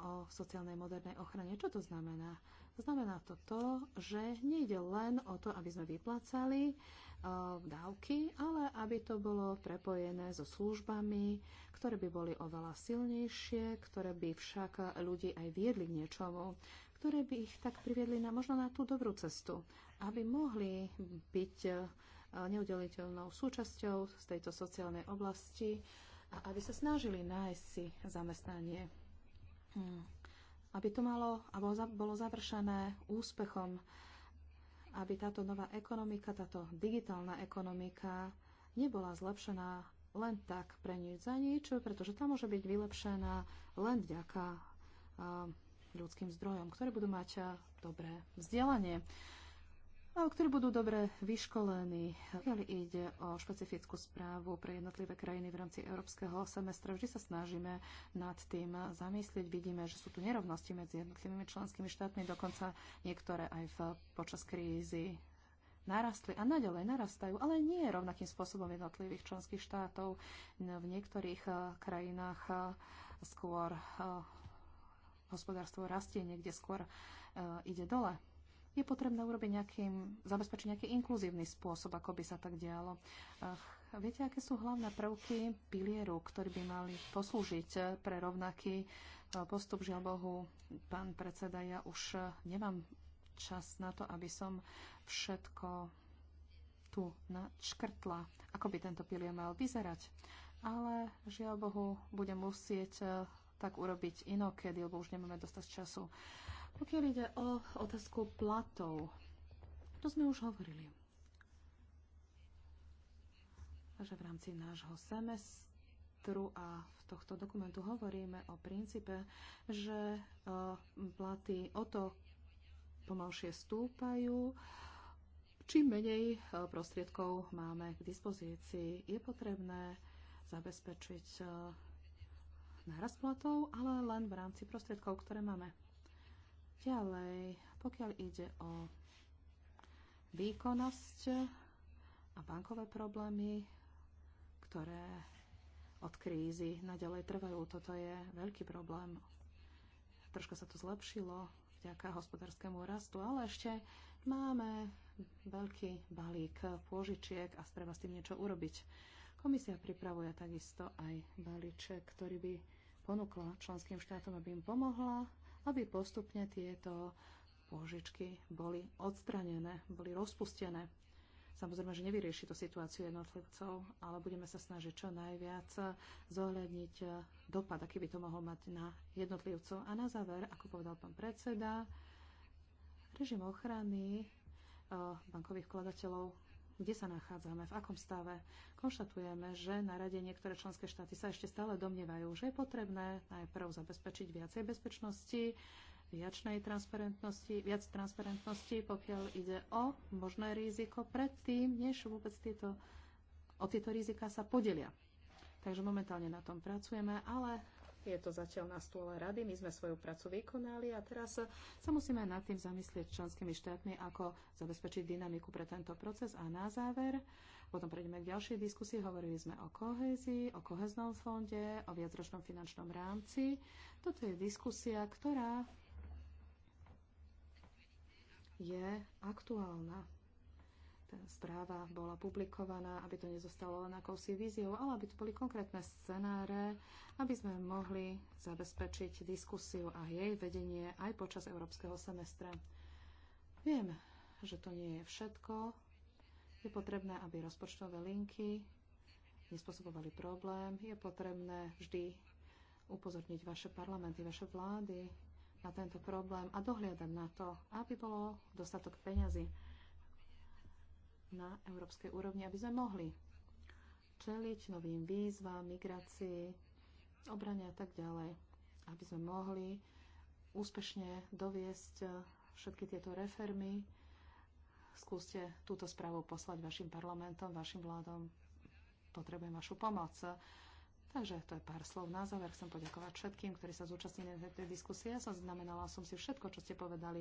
o sociálnej modernej ochrane. Čo to znamená? Znamená to to, že nejde len o to, aby sme vyplácali v e, dávky, ale aby to bolo prepojené so službami, ktoré by boli oveľa silnejšie, ktoré by však ľudí aj viedli k niečomu, ktoré by ich tak priviedli na, možno na tú dobrú cestu, aby mohli byť e, neudeliteľnou súčasťou z tejto sociálnej oblasti a aby sa snažili nájsť si zamestnanie. Hmm aby to malo a bolo završené úspechom, aby táto nová ekonomika, táto digitálna ekonomika nebola zlepšená len tak pre nič za nič, pretože tá môže byť vylepšená len vďaka ľudským zdrojom, ktoré budú mať dobré vzdelanie ktorí budú dobre vyškolení. Keď ide o špecifickú správu pre jednotlivé krajiny v rámci európskeho semestra, vždy sa snažíme nad tým zamyslieť. Vidíme, že sú tu nerovnosti medzi jednotlivými členskými štátmi, dokonca niektoré aj v, počas krízy narastli a naďalej narastajú, ale nie rovnakým spôsobom jednotlivých členských štátov. V niektorých eh, krajinách eh, skôr eh, hospodárstvo rastie, niekde skôr ide dole je potrebné urobiť nejakým, zabezpečiť nejaký inkluzívny spôsob, ako by sa tak dialo. Viete, aké sú hlavné prvky pilieru, ktorí by mali poslúžiť pre rovnaký e, postup? Žiaľ Bohu, pán predseda, ja už e, nemám čas na to, aby som všetko tu načkrtla, ako by tento pilier mal vyzerať. Ale žiaľ Bohu, budem musieť e, tak urobiť inokedy, lebo už nemáme dostať času. Uh, pokiaľ ide o otázku platov, to sme už hovorili. Že v rámci nášho semestru a v tohto dokumentu hovoríme o princípe, že e, platy o to pomalšie stúpajú, čím menej e, prostriedkov máme k dispozícii. Je potrebné zabezpečiť e, nárast platov, ale len v rámci prostriedkov, ktoré máme. Ďalej, pokiaľ ide o výkonnosť a bankové problémy, ktoré od krízy naďalej trvajú, toto je veľký problém. Troška sa to zlepšilo vďaka hospodárskému rastu, ale ešte máme veľký balík pôžičiek a treba s tým niečo urobiť. Komisia pripravuje takisto aj balíček, ktorý by ponúkla členským štátom, aby im pomohla aby postupne tieto pôžičky boli odstranené, boli rozpustené. Samozrejme, že nevyrieši to situáciu jednotlivcov, ale budeme sa snažiť čo najviac zohľadniť dopad, aký by to mohol mať na jednotlivcov. A na záver, ako povedal pán predseda, režim ochrany eh, bankových vkladateľov kde sa nachádzame, v akom stave. Konštatujeme, že na rade niektoré členské štáty sa ešte stále domnievajú, že je potrebné najprv zabezpečiť viacej bezpečnosti, viačnej transparentnosti, viac transparentnosti, pokiaľ ide o možné riziko predtým, než vôbec tieto, o tieto rizika sa podelia. Takže momentálne na tom pracujeme, ale je to zatiaľ na stôle rady, my sme svoju prácu vykonali a teraz sa musíme nad tým zamyslieť členskými štátmi, ako zabezpečiť dynamiku pre tento proces. A na záver, potom prejdeme k ďalšej diskusii, hovorili sme o kohezii, o koheznom fonde, o viacročnom finančnom rámci. Toto je diskusia, ktorá je aktuálna správa bola publikovaná, aby to nezostalo len akousi víziou, ale aby to boli konkrétne scenáre, aby sme mohli zabezpečiť diskusiu a jej vedenie aj počas európskeho semestra. Viem, že to nie je všetko. Je potrebné, aby rozpočtové linky nespôsobovali problém. Je potrebné vždy upozorniť vaše parlamenty, vaše vlády na tento problém a dohliadať na to, aby bolo dostatok peňazí na európskej úrovni, aby sme mohli čeliť novým výzvam, migrácii, obrane a tak ďalej. Aby sme mohli úspešne doviesť všetky tieto reformy. Skúste túto správu poslať vašim parlamentom, vašim vládom. Potrebujem vašu pomoc. Takže to je pár slov na záver. Chcem poďakovať všetkým, ktorí sa zúčastnili na tejto diskusie. Ja som znamenala som si všetko, čo ste povedali.